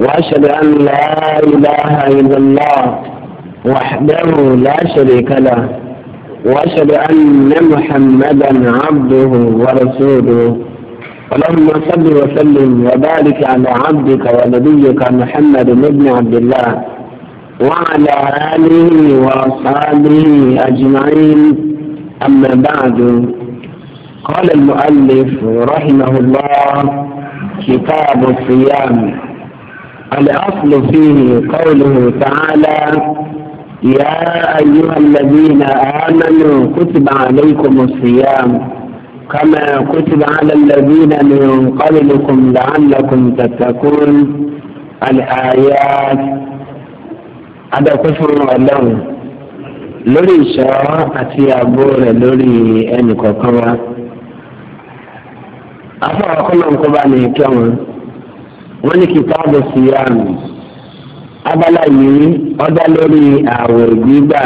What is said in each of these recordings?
وأشهد أن لا إله إلا الله وحده لا شريك له وأشهد أن محمدا عبده ورسوله اللهم صل وسلم وبارك على عبدك ونبيك محمد بن عبد الله وعلى آله وأصحابه أجمعين أما بعد قال المؤلف رحمه الله كتاب الصيام الأصل فيه قوله تعالى يا أيها الذين آمنوا كتب عليكم الصيام كما كتب على الذين من قبلكم لعلكم تتقون الآيات هذا كفر الله لوري شاء أتي أبور لوري ان كوكب afọ ọkọlọ nkọba ní ìkẹ wọn wọn ní kìtàbù síyàm abala yìí ọdá lórí ààwẹ̀ gbígbà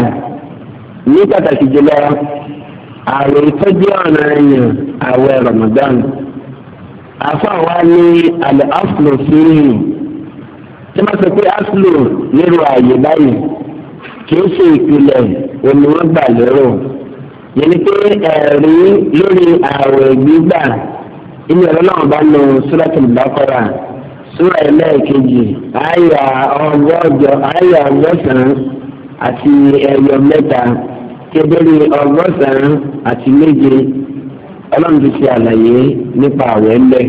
ní pàtàkì jùlọ ààwẹ̀ ìtọ́jú ọ̀nà ẹ̀yàn ààwẹ̀ Ramadan afọ àwa ní alẹ afro fíìmù tí wọ́n sọ pé afro lérò ààyè báyìí kìí ṣe ìpìlẹ̀ òní wọ́n gbà lérò yẹn ni pé ẹ̀rí lórí ààwẹ̀ gbígbà ilé ọlọ́run bá nu suratul Baqara sura ẹlẹ́ẹ̀kejì àyà ọgọ́jọ àyà ọgọ́sàn-án àti ẹ̀yọ mẹ́ta kébèrè ọgọ́sàn-án àti méje ọlọ́run ti ṣe àlàyé nípa àwẹ̀ ńlẹ̀.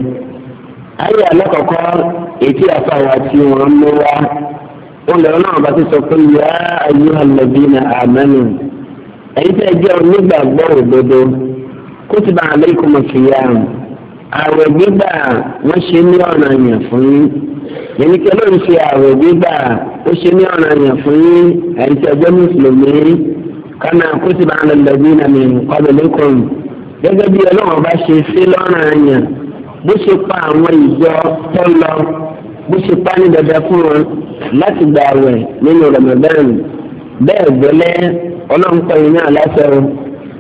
àyà alákọ̀ọ́kọ́ ètí àfàwà tí wọ́n mú wá olè ọlọ́run bá ti sọ pé yá ayyuhal ladina amanu ẹ̀yin tẹ́ ẹ jẹ́ onígbàgbọ́ òdodo kutiba alaykumus siyam àwẹ̀ gbígbà wọ́n ṣe ní ọ̀ràn yàn fún yín yẹn kí ọlọ́run ṣe àwẹ̀ gbígbà ó ṣe ní ọ̀ràn yàn fún yín àìsí ọjọ́ mùsùlùmí kánà kó sì máa ń lọ bí nàmì ọ̀bẹ̀lẹ́kùn gẹ́gẹ́ bí ọlọ́run bá ṣe sí lọ́ràn yàn bó ṣe pa àwọn ìjọ tó lọ bó ṣe pa ní dandan fún wọn láti gba àwẹ̀ nínú Ramadan bẹ́ẹ̀ gbẹ́lẹ́ ọlọ́run náà lásán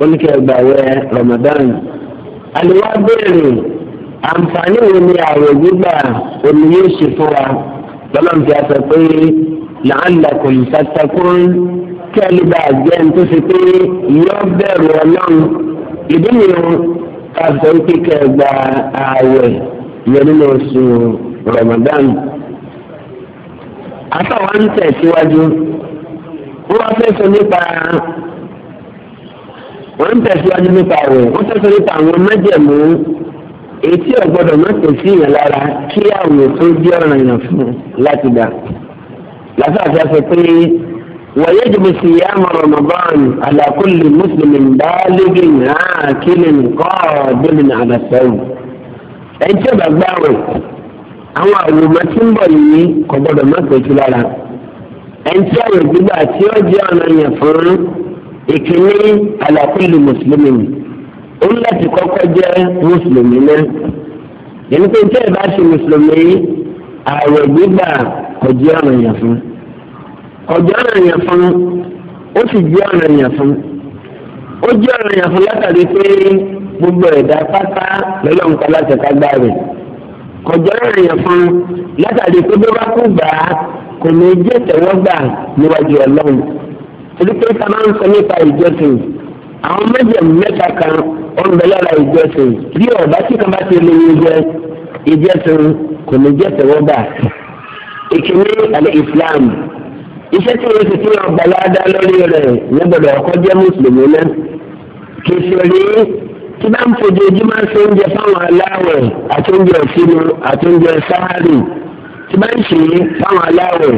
oníkẹ́ gbàwẹ̀ Ramadan àlùwá béèrè àǹfààní wo ni ààrẹ gbígbà omi yóò ṣe fún wa lọ́lọ́run ti sọ pé la'allakum tattaqun kí ẹ lè bá àgbẹ̀ tó ṣe pé yọ bẹ̀rù ọlọ́run ìdí nìyẹn káàtó kíkẹ́ gba ààwẹ̀ yẹn nínú oṣù Ramadan. àtàwọn ń tẹ̀síwájú wọ́n fẹ́ sọ nípa wọ́n ń tẹ̀síwájú nípa ààwẹ̀ wọ́n fẹ́ sọ nípa àwọn mẹ́jẹ̀mú ètí ọ̀gbọ́dọ̀ má kò sí yẹn lára kí àwọn tó jẹ́ ọ̀ràn yàn fún láti gbà. lásàáfíà sọ pé wàyé jùlọ sí yá Ramadan ala kulli mùsùlùmí báálégé náà kí ni nǹkan ọ̀dẹ́mi àdàsẹ́wò. ẹni tí ọba gbá wẹ̀ àwọn àwòrán tí ń bọ̀ yìí kò gbọ́dọ̀ má kò lára. ẹni tí àwọn ìgbìgbà tí ó jẹ́ ọ̀ràn yàn fún ìkíní ala mùsùlùmí ó ń láti kọ́kọ́ jẹ́ mùsùlùmí náà yẹn pé tẹ́ ẹ bá ṣe mùsùlùmí ààrẹ gbígbà kọjá ọ̀ràn yẹn fún kọjá ọ̀ràn yẹn fún ó sì jẹ́ ọ̀ràn yẹn fún ó jẹ́ ọ̀ràn yẹn fún látàrí pé gbogbo ẹ̀dá pátá lọ́lọ́ nǹkan láti kágbá rẹ̀ kọjá ọ̀ràn yẹn fún látàrí pé bí wọ́n kú gbà á kò ní jẹ́ tẹ̀wọ́gbà níwájú ọlọ́run torí pé ká ń sọ nípa ìjọsìn àwọn méjèèjì mẹ́ta kan ọ̀nbẹ lára ìjọsìn bí ọ̀bá tí kan bá ti lè yẹ jẹ kò ní jẹ́ tẹ̀wọ́bà. ìkíní àlẹ́ Islam iṣẹ́ tí wọ́n ti fi hàn gbalada lórí rẹ̀ ní gbọ́dọ̀ ọkọ jẹ́ mùsùlùmí náà kì í ṣe rí tí bá ń fojoojúmọ́ ṣe oúnjẹ fáwọn aláwẹ̀ àti oúnjẹ òsínú àti oúnjẹ sáárì tí bá ń ṣe fáwọn aláwẹ̀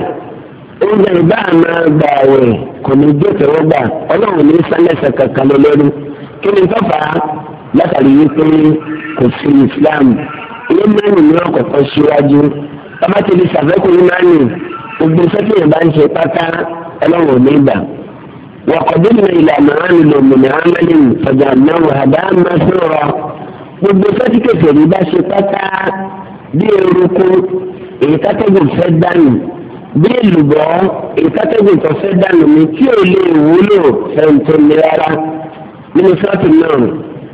oúnjẹ ìbá àmà gbààwẹ̀ kò ní gbé tẹ̀wọ́gbà ọlọ́run ní sálẹ̀sẹ̀ kankan lọ lórí kí ni tọ́fà látàrí wípé kò sí Islam ilé mẹ́rin ní ọ̀kọ̀ọ̀kan síwájú bàbá ti di sàfẹ́kù ìmánì gbogbo sẹ́kì yẹn bá ń ṣe pátá ọlọ́run ní ìgbà wàkọ̀dúnmí ìlànà àlùlò mìíràn mẹ́rin ọ̀gá náà àbá máa sọ̀rọ̀ gbogbo sẹ́kì kẹfẹ́ rí bá ṣe pátá bí eruku èyí kátẹ́gùn fẹ́ dánù bí èlùbọ́ ìkátẹ́gùn tó fẹ́ dànù mi tí ò lè wúlò fẹ̀ǹtò mi rárá nínú sọ́ọ̀tù náà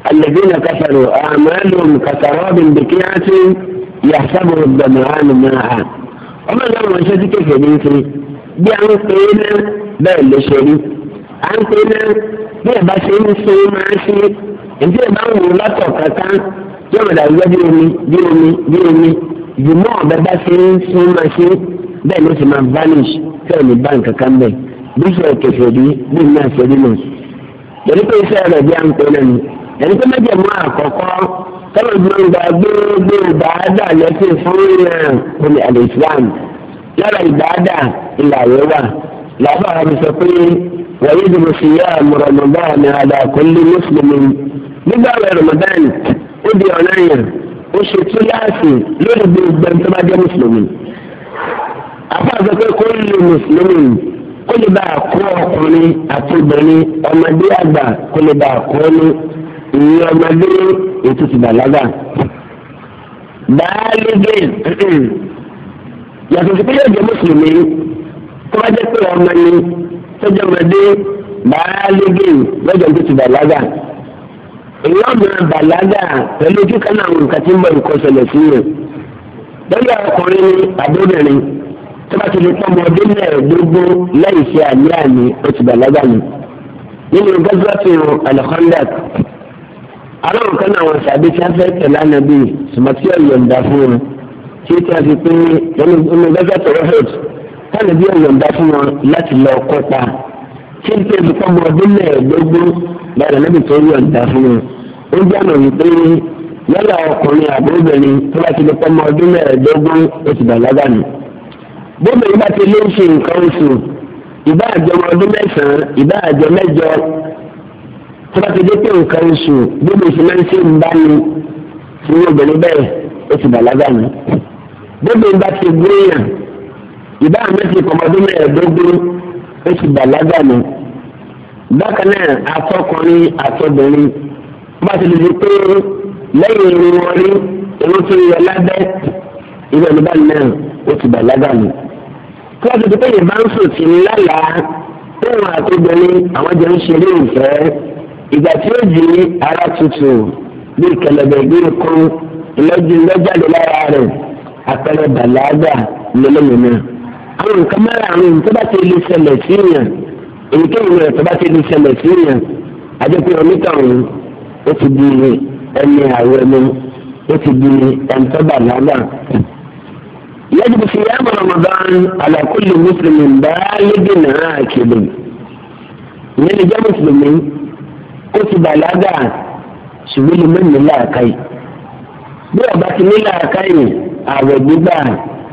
alẹ́bínà kásàrò àmàlùm kásàrò ọ̀bìn bìkíyàtì yàtàbò gbàmùhánù máa. ọmọ ìlú àwọn iṣẹ́ tí kẹfẹ́ ní ti bí a ń pè é ná bẹ́ẹ̀ ló ṣe rí a ń pè é ná bí ẹ̀ bá ṣe ń ṣe é máa ṣe ǹjẹ́ ẹ̀ bá ń wò látọ̀ kankan yóò mọ̀ bẹ́ẹ̀ ló ti máa vanish fẹ́ẹ̀ ní báǹkì kan bẹ́ẹ̀ bí sọ kẹfẹ́ rí bí mi náà ṣe rí nù. yẹ̀rí pé iṣẹ́ rẹ̀ bí à ń pè náà ni yẹ̀rí pé mẹ́jẹ̀mú àkọ́kọ́ tọ́lọ̀ gbọ̀ngà gbogbo ìbáadà lẹ́sìn fún ìyàn omi al-Islam lára ìbáadà ìlà àwẹ̀wà làbá àbí sọ pé wàyí ìdìbò sí yá Ramadan ala kulli muslimin nígbà wẹ̀ Ramadan ó di ọ̀nà yẹn ó ṣe túláàsì lórí gbogbo ẹni mùsùlùmí afáàzọ pé kó lè mùsùlùmí kó lè bá àkó ọkùnrin àti obìnrin ọmọdé àgbà kó lè bá àkó ẹni ìyẹn ọmọdé ètò ti bàlágà. báálí gé yàtọ̀ sí pé yóò jẹ́ mùsùlùmí tó bá jẹ́ pé ọmọ ni tó jẹ́ ọmọdé báálí gé lọ́jọ́ tó ti bàlágà. ìyẹn ọmọ bàlágà pẹ̀lú ojú kan náà nǹkan tí ń bọ̀ nǹkan ṣẹlẹ̀ sí yẹn. lọ́jọ́ ọkùnrin ni àbóbìnrin tó bá ti lè pọ́n ọmọdé mẹ́ẹ̀ẹ́dógún láì ṣe àní àní oṣù bàlágà ni. nínú gọ́sọ́tù al-Khandaq aláwọ̀ kan náà wọ́n ṣàbí tí a fẹ́ tẹ̀lé ànábì sùmọ́tì ọ̀yọ̀ǹda fún wọn tí tí a fi pé nínú gọ́sọ́tù rọ́fẹ̀t táwọn ẹbí ọ̀yọ̀ǹda fún wọn láti lọ kópa tí n tẹ̀lé pọ́n ọmọdé mẹ́ẹ̀ẹ́dógún láì ànábì tó yọ̀ǹda fún wọn. ó bóbá ìgbà tí ló ń ṣe nǹkan oṣù ìbá àjọ ọmọ ọdún mẹ́sàn-án ìbá àjọ mẹ́jọ tó bá ti dé pé nǹkan oṣù bóbá oṣù máa ń ṣe ń bá ní fún obìnrin bẹ́ẹ̀ ó ti bàlágà ní. bóbá ìgbà tí gbóyàn ìbá àmẹ́sì ọmọdún mẹ́ẹ̀ẹ́dógún ó ti bàlágà ní. bákan náà atọ́kùnrin atọ́bìnrin bá ti lè di pé lẹ́yìn irun wọn rí irun tó yẹ lábẹ́ ìrọ̀lùbá náà ó ti bàlágà ní tí wọ́n ti di pé yìí bá ń sùn sí lálàá tó wọn àtúgbò ní àwọn jẹun ṣe ní ìfẹ́ ìgbà tí ó di ara tutù bí kẹlẹbẹ bí ikú ìlọ́jú lọ́jáde lára rẹ̀ àpẹẹrẹ bàlágà lọ́lọ́yìn náà. àwọn nǹkan márùn-ún tó bá ti lè ṣẹlẹ̀ sí yàn èyíkéyìí rẹ̀ tó bá ti lè ṣẹlẹ̀ sí yàn àjẹpẹ́ onítọ̀hún ó ti di ẹni àwẹ̀ mi ó ti di ẹni tó bàlágà. يجب صيام رمضان على كل مسلم بالغ عاقل من جاء مسلم كتب لدى ṣùgbọ́n lè mẹ́rin láàkáyì bí ọba ti ní láàkáyì ààwẹ̀ gbígbà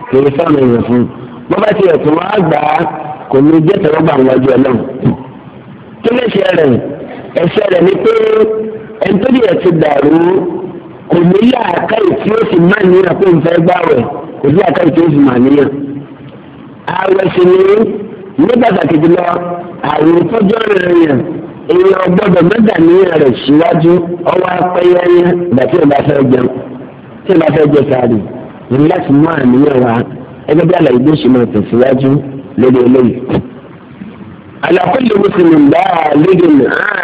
kìí sọ̀rọ̀ èèyàn fún bó bá ti ẹ̀tún wá gbà á kò ní jẹ́ tẹ̀wọ́gbà wájú ẹ̀ náà kí lè ṣe rẹ̀ ẹ̀ṣẹ̀ rẹ̀ ni pé ẹni tó ti dàrú kò ní yá àkáyè tí ó sì máa níyàn pé nfẹ́ gbàwẹ̀ kò sí àkáyè tí ó sì máa níyàn. ààwẹ̀ sì ni ní pàtàkì jùlọ àwọn ìtọ́jú ọ̀rẹ́ yẹn èèyàn gbọ́dọ̀ mẹ́ta níyàn rẹ̀ síwájú ọwọ́ apẹ́yẹ́yẹ́ bàtí ìbá fẹ́ jẹun tí ìbá fẹ́ jẹ sáré ní láti mú àníyàn wá ẹgbẹ́ bí àlàyé gbèsè máa tẹ̀síwájú lórí eléyìí. àlàkùn lè mú sinimá lórí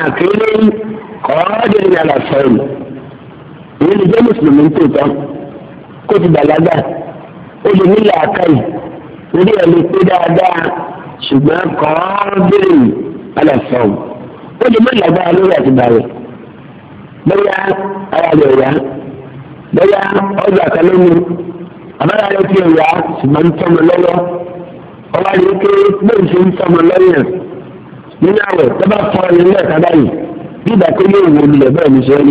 àkéré kọ́ọ́dé ní àlàfẹ́ yìí èyí lè jẹ́ mùsùlùmí tó tán kó ti bàlágà ó lè nílò àkàì orí ẹ̀ lè pé dáadáa ṣùgbọ́n kàn án béèrè alàfáàmù ó lè má lágbára lórí àtìgbà rẹ̀ bóyá ara rẹ̀ yá bóyá ọjà kan ló ní àbára rẹ̀ ti yá ṣùgbọ́n tọ́mọ lọ́wọ́ ọba rẹ̀ ké bóun ṣe ń tọ́mọ lọ́yàn nínú àwẹ̀ tó bá fọ́ ẹni bí ìgbà tó yóò wọ olùlẹ̀ bẹ́ẹ̀ ní sọ́ọ́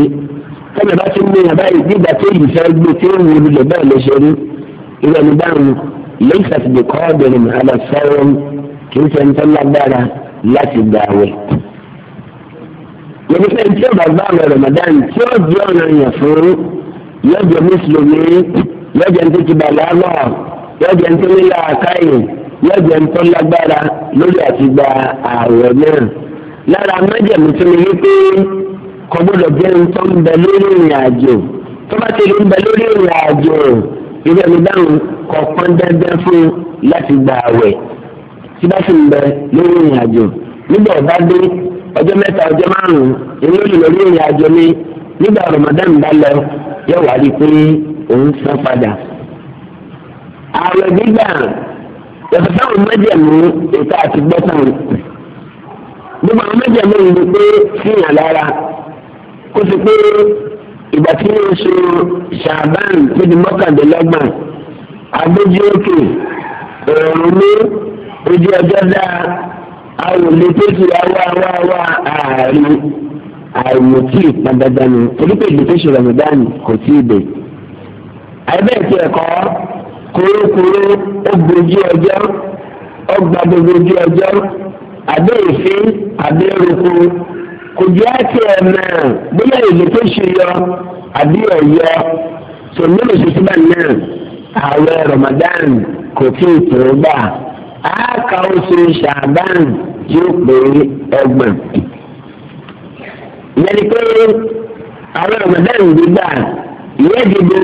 tọ́jà bá ti ń gbé yàrá yìí nígbà tó yìí fẹ́ gbé tí ó ń wúlò lè bẹ́ẹ̀ lè ṣe rí irú ẹni báwọn lẹ́yìn àtìgbè kọ́ ọ̀bẹ̀rẹ̀ mọ̀hálà sáwọn kì í ṣe ń tọ́ lágbára láti gbà wẹ̀. yẹ́nì pé tí ó bá gbà wẹ̀ Ramadan tí ó di ọ̀nà yẹn fún yọ̀jọ̀ mùsùlùmí yọ̀jọ̀ ń tó ti bàlágà yọ̀jọ̀ ń tó nílà àkáyè yọ̀jọ̀ ń tó lágbára lórí àtìgbà ààwẹ̀ náà lára mẹ́jẹ̀mú tó ní wípé kò gbọ́dọ̀ jẹ́ ohun tó ń bẹ lórí ìrìn àjò tó bá ti lè ń bẹ lórí ìrìn àjò irú ẹni dáhùn kò pọn dandan fún láti gba àwẹ̀ tí bá sì ń bẹ lórí ìrìn àjò nígbà ọba dé ọjọ́ mẹ́ta ọjọ́ márùn-ún èyí lórí ìrìn àjò ní nígbà Ramadan bá lọ yóò wá rí i pé òun san padà. ààrẹ gbígbà yàtọ̀ táwọn mẹ́jẹ̀mú ètò àti gbọ́tàn gbogbo àwọn mẹ́jẹ̀mú yìí ni pé fíyàn lára kó sì pé ìgbà tí yóò ṣe ṣàbán níbi mọ́kàndínlọ́gbọ̀n agbójú òkè òòrùn ní ojú ọjọ́ dáa àwòlé tètè àwa àwa àwa ààrin àìmọ̀tì ìpadàdànù onípe ìdìtẹ́sù ramadan kò tí ì dé. àìbẹ́ẹ̀tì ẹ̀kọ́ kúrúkúrú ó gbojú ọjọ́ ó gba gbogbo ojú ọjọ́ àbẹ́ ìfín àbẹ́ eruku kò jẹ́ àti ọ̀nà bóyá èlé tó ṣe yọ àbí ọ̀yọ́ tó lónìí ṣètò bá náà ààwẹ̀ Ramadan kò tí ì tó gbà á ka oṣù Ṣàbán yóò pé ọgbọ̀n. ìyẹn ni pé ààwẹ̀ Ramadan gbígbà ìyẹn dìbò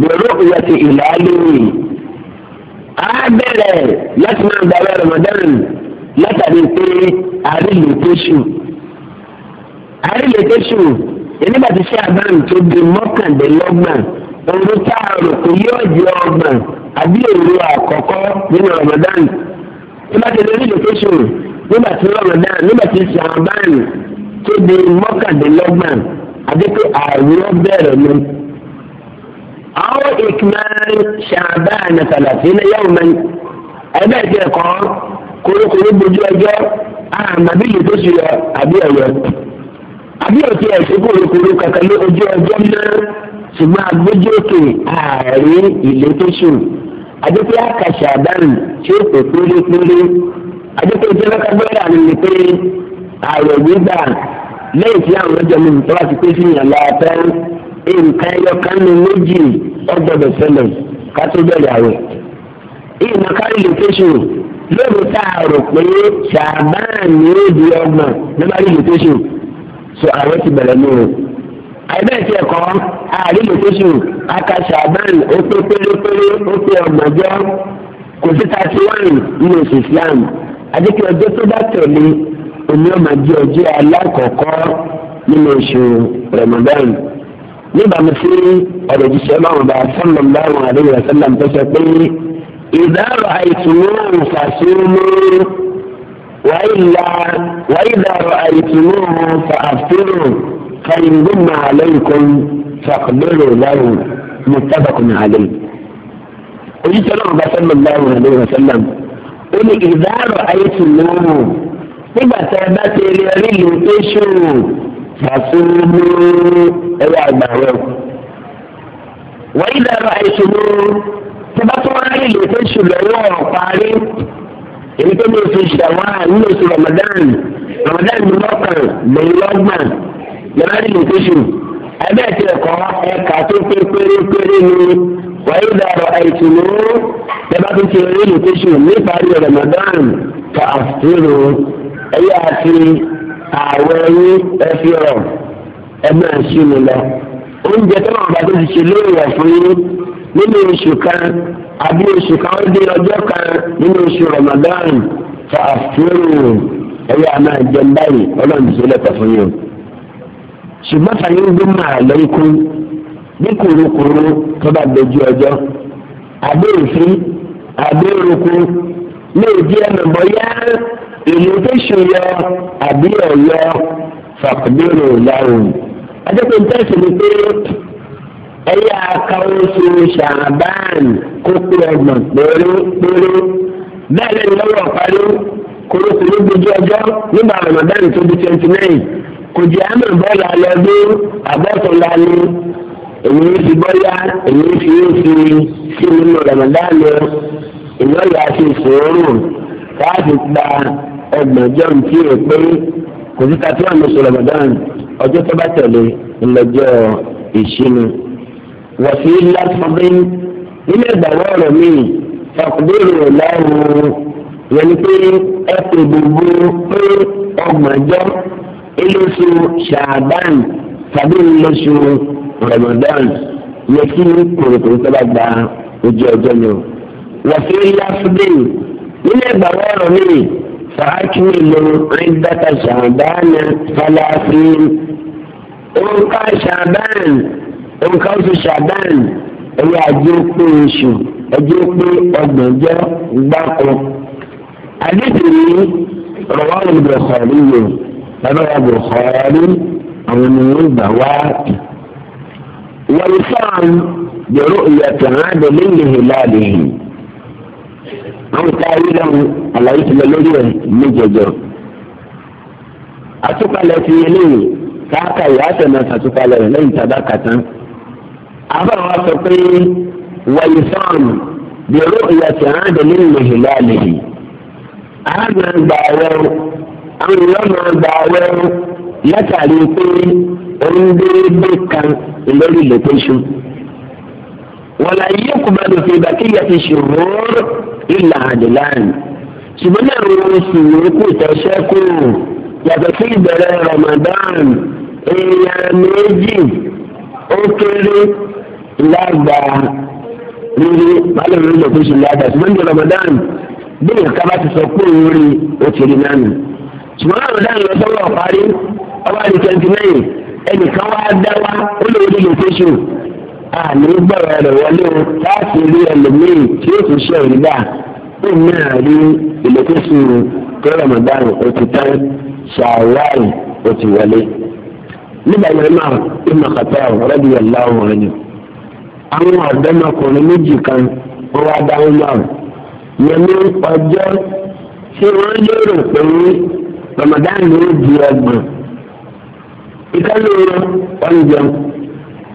bẹ̀rù ìyàtì ìlàlóye á bẹ̀rẹ̀ láti máa gbààwẹ̀ Ramadan látàrí pé àrílù tó ṣù àrílẹ̀kẹ́sù nígbà tí ṣàbán tó di mọ́kàndínlọ́gbọ̀n òru tá a rò pé yóò jẹ́ ọgbọ̀n àbí òru àkọ́kọ́ nínú Ramadan nígbà tí àrílẹ̀kẹ́sù nígbà tí Ramadan nígbà tí ṣàbán tó di mọ́kàndínlọ́gbọ̀n àbí pé ààrùn bẹ̀rẹ̀ ni. àwọn ìkìmọ̀ràn ṣàbán àtàlàfínà yóò mọ ẹgbẹ́ ìkẹ́kọ̀ọ́ kórókóró bójú ọjọ́ àmàbíyì tó ṣe àbí ọ̀yọ́ àbí òkè ẹ̀sìn kúròkúrò kankan ló ojú ọjọ́ náà ṣùgbọ́n agbójókè ààrẹ ìlétẹ́sù adékè àkàṣà àdánù tí ó pè pérépéré adékè ìjẹ́lẹ́kàgbẹ́rẹ́ àmì ni pé ààrẹ gbígbà lẹ́yìn tí àwọn ọjọ́ mi tó wá ti pé sí ìyànlá tẹ́ nǹkan ẹyọ kan ní méjì ọgbọ́dọ̀ ṣẹlẹ̀ ká tó bẹ̀rẹ̀ àwẹ̀ ìmọ̀ kárí lòtẹ́sù lóòótọ́ àrò pé ṣàbáà ní ọgbọ̀n ní rí lòtẹ́sù so àwọn ti bẹ̀rẹ̀ ní o àìbẹ́ẹ̀ tí ẹ̀kọ́ àárín òkúṣù akásà abẹ́rẹ́ ó pé pérépéré ó pé ọgbọ̀njọ́ kò sí thirty one ní oṣù Islam àdékè ọjọ́ tó bá tẹ̀lé omi ọmọ jẹ́ ọjọ́ alákọ̀ọ́kọ́ nínú oṣù Ramadan níbàámu sí ọ̀rọ̀ òjíṣẹ́ báwọn bá sọ́nà báwọn àdéhùn àṣẹ́lá ń tọ́ṣọ pé ìdáàrọ̀ àìsùn náà ń fàṣẹ́ mú وإلا وإذا رأيتموه فأفطروا فإن غم عليكم فاقدروا له متفق عليه. وجيت أنا صلى الله عليه وسلم قل إذا رأيتموه nígbà tá a bá ti rí orí ìlú tó ṣòro fàṣọmọ ẹwà àgbà rẹ. wọ́n yí dára àìṣòro tó bá tó rí ìlú tó ṣòro ẹ̀wọ̀n parí èyí tó lè fi ṣàwá nínú oṣù Ramadan Ramadan ní mọ́kàn lẹ́yìnlọ́gbọ̀n lẹ́wọ́n ní ìtúṣù ẹgbẹ́ ti ẹ̀kọ́ ẹ̀ka tó pé pérépéré ni wàá yóò dàrọ̀ àìtùnú lẹ́bà tó ti rí ìtúṣù níparí Ramadan fa àfúrò ẹ̀yà àti ààwẹ̀ ẹ̀yìn ẹ̀fíọ̀ ẹ̀mọ́ àṣìlò oúnjẹ tó náà bá tó ti ṣe lóòrè fún yín nínú oṣù kan àbí oṣù kan ó dé ọjọ́ kan nínú oṣù Ramadan fa àfihàn ẹ̀yà àmà ìjẹun báyìí ọlọ́run ti lẹ́tọ̀ fún yín o. ṣùgbọ́n fàyín gbé máa lọ ikú bí kùrukùru tó bá dojú ọjọ́ àbí òfin àbí òrukù lè di ẹnu bọ́yá ìlú tó ṣòyọ àbí ọ̀yọ́ fàkùbírò láwùn. ajẹ́pẹ́ ń tẹ̀sí ni pé ẹyẹ akáwọsọ ṣàbán kó pé ọgbọ̀n péré péré bẹ́ẹ̀ lẹ́nu lọ́wọ́ parí kórópù níbi ọjọ́ nígbà ramadan tó di twenty nine kò jẹ́ àmì bọ́ọ̀lù alẹ́gbẹ́ abọ́tọ̀lá ni èmi ń fi bọ́yá èmi ń fi ń fi sí nínú ramadan ìyá ìyá ṣe ìṣòro láti gba ọgbọ̀njọ́ tí ò pé kò sí tàbí àmì sọ ramadan ọjọ́ tó bá tẹ̀lé ńlọjọ́ ìṣínú wọ̀sí lásọ̀bìn nínú ìgbàwọ́ ọ̀rọ̀ mi ọ̀kùnrin ọ̀làwọ̀ yẹn ni pé ẹ pè gbogbo pé ọgbọ̀njọ́ ilóṣù ṣàbán tàbí ilóṣù ramadan yẹ kí kòròkòrò tó bá gba ojú ọjọ́ ni o. wọ̀sí nínú ìgbàwọ́ ọ̀rọ̀ mi fàákìlì ìdàkà ṣàbán fàlàfin òǹkà ṣàbán nǹkan oṣù ṣàdán ẹ̀yà àjẹ́ pé oṣù ẹ̀jẹ̀ pé ọgbọ̀njọ́ gbáko. àdéhùn yìí rọ̀wá olùbẹ̀kọ̀rí yìí bàbá wa bùkọ́rí àwọn ènìyàn gbà wá. wọ́n sàn dèrò ìyàtọ̀ àádọ́ lẹ́yìn ìlàlẹ̀ yìí. àwọn táyé lẹ́hìn àlàyé ti lọ lórí ẹ̀ níjẹjọ. àtúkalẹ̀ fi eléyìí káàkà ìyá àtẹ̀nà àtúkalẹ̀ lẹ́yìn tàbá kàtán àbára wa sọ pé wàlísàn bẹ̀rù ìyàtọ̀ àádọ́lé ìmọ̀hìlá lèyí. àádọ́ gbà wẹ́ àwọn ìyá máa gbà wẹ́ látàrí pé òun déédéé kan lórí lòkèṣù. wọ́n la yí kúbá ló fi bá kíyà ti ṣòro ìlà àdìláàn. ṣùgbọ́n náà wọ́n sì ní kú ìtọ́ṣẹ́kù yàtọ̀ sí ìbẹ̀rẹ̀ Ramadan èèyàn méjì ó kéré lágbà rírí màálùú rírí lòkè ṣe lágbà ṣùgbọ́n ní Ramadan bí nǹkan bá ti sọ pé òun rí o ti rí nánu ṣùgbọ́n Ramadan lọ sọ́wọ́ parí ọba di twenty nine ẹnìkan wá dá wá ó lè rí lòkè ṣe àní gbọ̀rọ̀ rẹ̀ wọlé o láti rí ẹlòmíì tí yóò tún ṣe ìrìbà ó náà rí ìlòkè ṣe Ramadan o ti tán ṣàwáì o ti wọlé nígbà yẹn náà Ibn Khattab radiyallahu anhu àwọn ọ̀dọ́mọkùnrin méjì kan wọ́n wá dá Umar yẹn ní ọjọ́ tí wọ́n lérò pé Ramadan ló di ọgbọ̀n ìkànnì wọn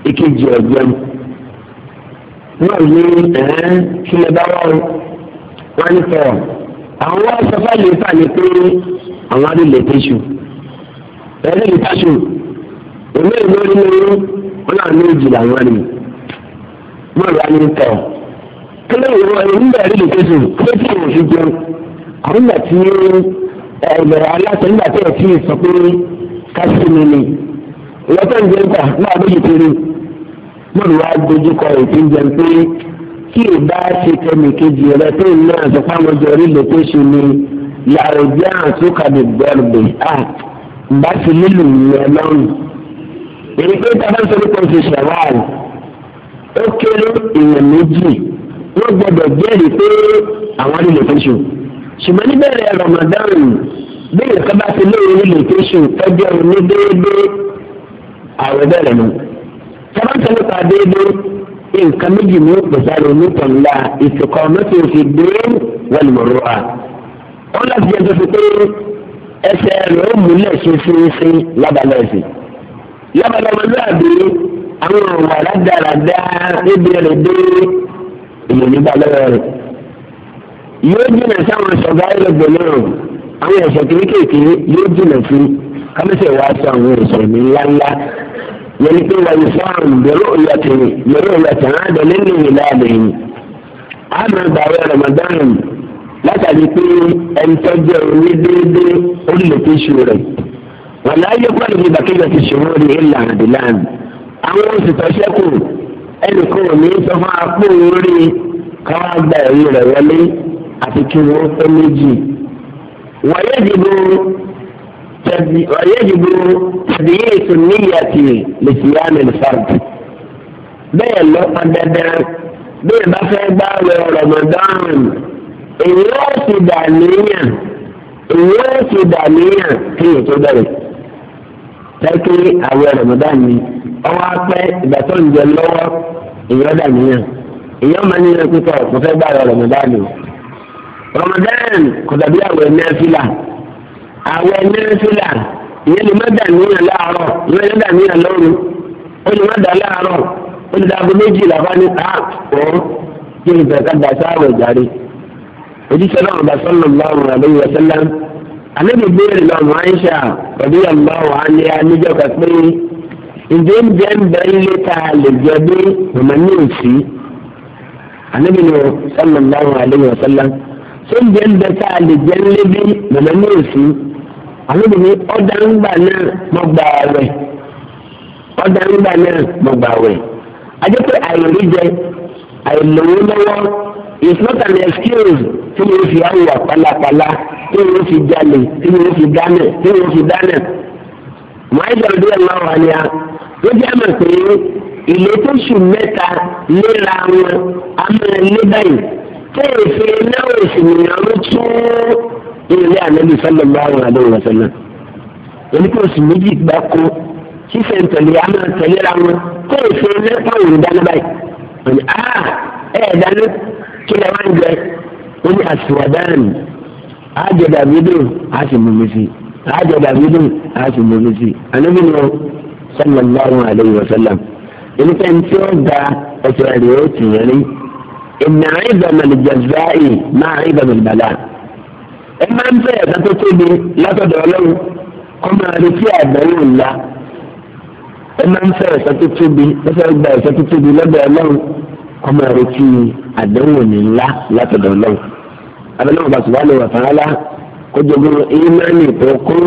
ìkejì ọ̀jẹun náà ní ẹ̀ẹ́n kí lè bá wọ́n wọ́n ní fẹ́ àwọn wọ́n sọ fáìlì fà ní pé àwọn tẹ̀sù náà ní ìjìlá wọn mọ̀ ìyá ní tọ̀ kílẹ̀ ìwọ ẹni nígbà rí lè tẹ̀sùn kílẹ̀ tí ìwọ fi jẹun àwọn ìgbà tí ẹ̀rọ aláṣẹ nígbà tí ẹ̀ tí ì sọ pé káṣí mi ni ìwọ tó ń jẹun kà náà lóye kiri mọ̀ ìwà dojú kọ ètí ń jẹun pé kí ìbá ṣe tẹnì kejì rẹ pé náà sọ fáwọn ọjọ́ rí lè tẹ̀sùn ni yàrá ìjẹ́ àtúkàdé gbẹ̀rùgbẹ̀ à ń bá ti lílù ìyẹn lọ́rùn èrè pé tábà ó kéré èèyàn méjì wọ́n gbọ́dọ̀ jẹ́rìí pé àwọn rí location ṣùgbọ́n níbẹ̀rẹ̀ Ramadan bẹ́ẹ̀ ká bá ti lóyún rí location tọ́jú ní déédéé àwẹ̀ bẹ̀rẹ̀ nù tọ́lọ́tọ́ nípa déédéé nǹkan méjì ní òpèsàrò onítàn ńlá ìtìkọ́ mẹ́tò fi dé wọ́n mọ̀rọ̀ wa ó láti jẹ́ tó pé ẹsẹ̀ rẹ̀ ó múlẹ̀ ṣe ṣeéṣe lábàlẹ̀ ẹ̀sìn lábàlẹ̀ ọmọlúwàbí àwọn ìwà rádaràdà níbi rẹ̀ dé èyí nígbà lọ́wọ́ rẹ̀. yóò jìnà sáwọn ṣọ̀gá ẹlẹgbẹ́ náà àwọn ẹ̀ṣẹ̀ kéékèèké yóò jìnà sí kámẹ́sẹ̀ wá sọ àwọn ẹ̀ṣẹ̀ mi ńláńlá yẹn pé wà ìfọ̀n bẹ̀rù ìyàtọ̀ bẹ̀rù ìyàtọ̀ á dẹ̀ nínú ìlà àbẹ̀yìn. a máa gbàwé Ramadan látàrí pé ẹni tó jẹ́ oní déédéé ó lè fi ṣù àwọn oṣù tó ṣẹ́kù ẹnìkan ò ní sọ fún apó orí káwá gba ẹ̀rí rẹ̀ wọlé àti kí wọ́n fẹ́ méjì. wọ́yẹ́ dìbò wọ́yẹ́ dìbò tẹ̀bíyé ètò níyàtì lè fi yá mi bẹ́ẹ̀ lọ pa bẹ́ẹ̀ bá fẹ́ gbá wẹ Ramadan èyí ó ti dà níyàn èyí ó ti dà níyàn kí ètò bẹ̀rẹ̀ tẹ́kí àwọn Ramadan ni ọwọ́ apẹ́ ìgbà tó ń jẹ lọ́wọ́ ìyẹn dà níyàn ìyẹn máa ní ẹni pípọ̀ kò fẹ́ gbà Ramadan Ramadan kò dàbí àwẹ̀ nẹ́fìlà àwẹ̀ nẹ́fìlà ìyẹn lè má dà níyàn láàárọ̀ ìyẹn lè dà níyàn lóru ó lè má dà láàárọ̀ ó lè dàbí méjì làbá ní ah, ká ọ̀ kí n fẹ́ ká dà sáàwẹ̀ jàre ojúṣe náà bá sọ́nà lọ́rùn àbẹ́yẹ ǹjẹ́ ń jẹ́ ń bẹ ilé tá a lè jẹ bí màmá ní òsì anábìnrin sallallahu alaihi wasallam ṣé ń jẹ́ ń bẹ tá a lè jẹ ń lé bí màmá ní òsì anábìnrin ọ̀dà náà mọ̀ gbà náà mọ̀ gbà àìrí jẹ àìlówó lọ́wọ́ it's not an excuse tí mo fi àwọ̀ pálapàla tí mo fi jalè tí mo fi dáná tí mo fi dáná. Màá yẹ kí ọdún yẹn wà ní a ó jẹ́ àmọ̀ pé ilé tó ṣù mẹ́ta léra wọn àmọ́ ilé báyìí tẹ́ ìfẹ́ náà èsì nìyẹn ló tún ilé ànábì sallallahu alaihi wasallam oníkó oṣù méjì gbáko ṣíṣe ntẹ̀lé àmọ́ tẹ̀léra wọn tẹ́ ìfẹ́ náà táwọn ìdáná báyìí wọ́n ní ah ẹ̀ dáná kí lè wọ́n jẹ wọ́n ní àsìwádàn àjẹdàbídò àti mọ̀mísì àjẹdàbídò àti mọ̀mísì ànábì náà sallallahu alayhi wa sallam ìnífẹ̀ tí ó gba ẹsẹ̀ rẹ̀ ó tì yẹn rí ìnà ìdàmàlì jazaa'i máa ìdàmàlì bàlá ẹ máa ń fẹ́ ẹ̀ka tó tóbi látọ̀dọ̀ ọlọ́run kọ́ máa retí àdánwò ńlá ẹ máa ń fẹ́ ẹ̀ka tó tóbi lọ́sọ̀rọ̀ gba ẹ̀ka tó tóbi lọ́dọ̀ ọlọ́run kọ́ máa retí àdánwò ńlá látọ̀dọ̀ ọlọ́run abẹ́lẹ́wọ̀n bá sùgbọ́n lè wà fún kójogún ìmánì tó kún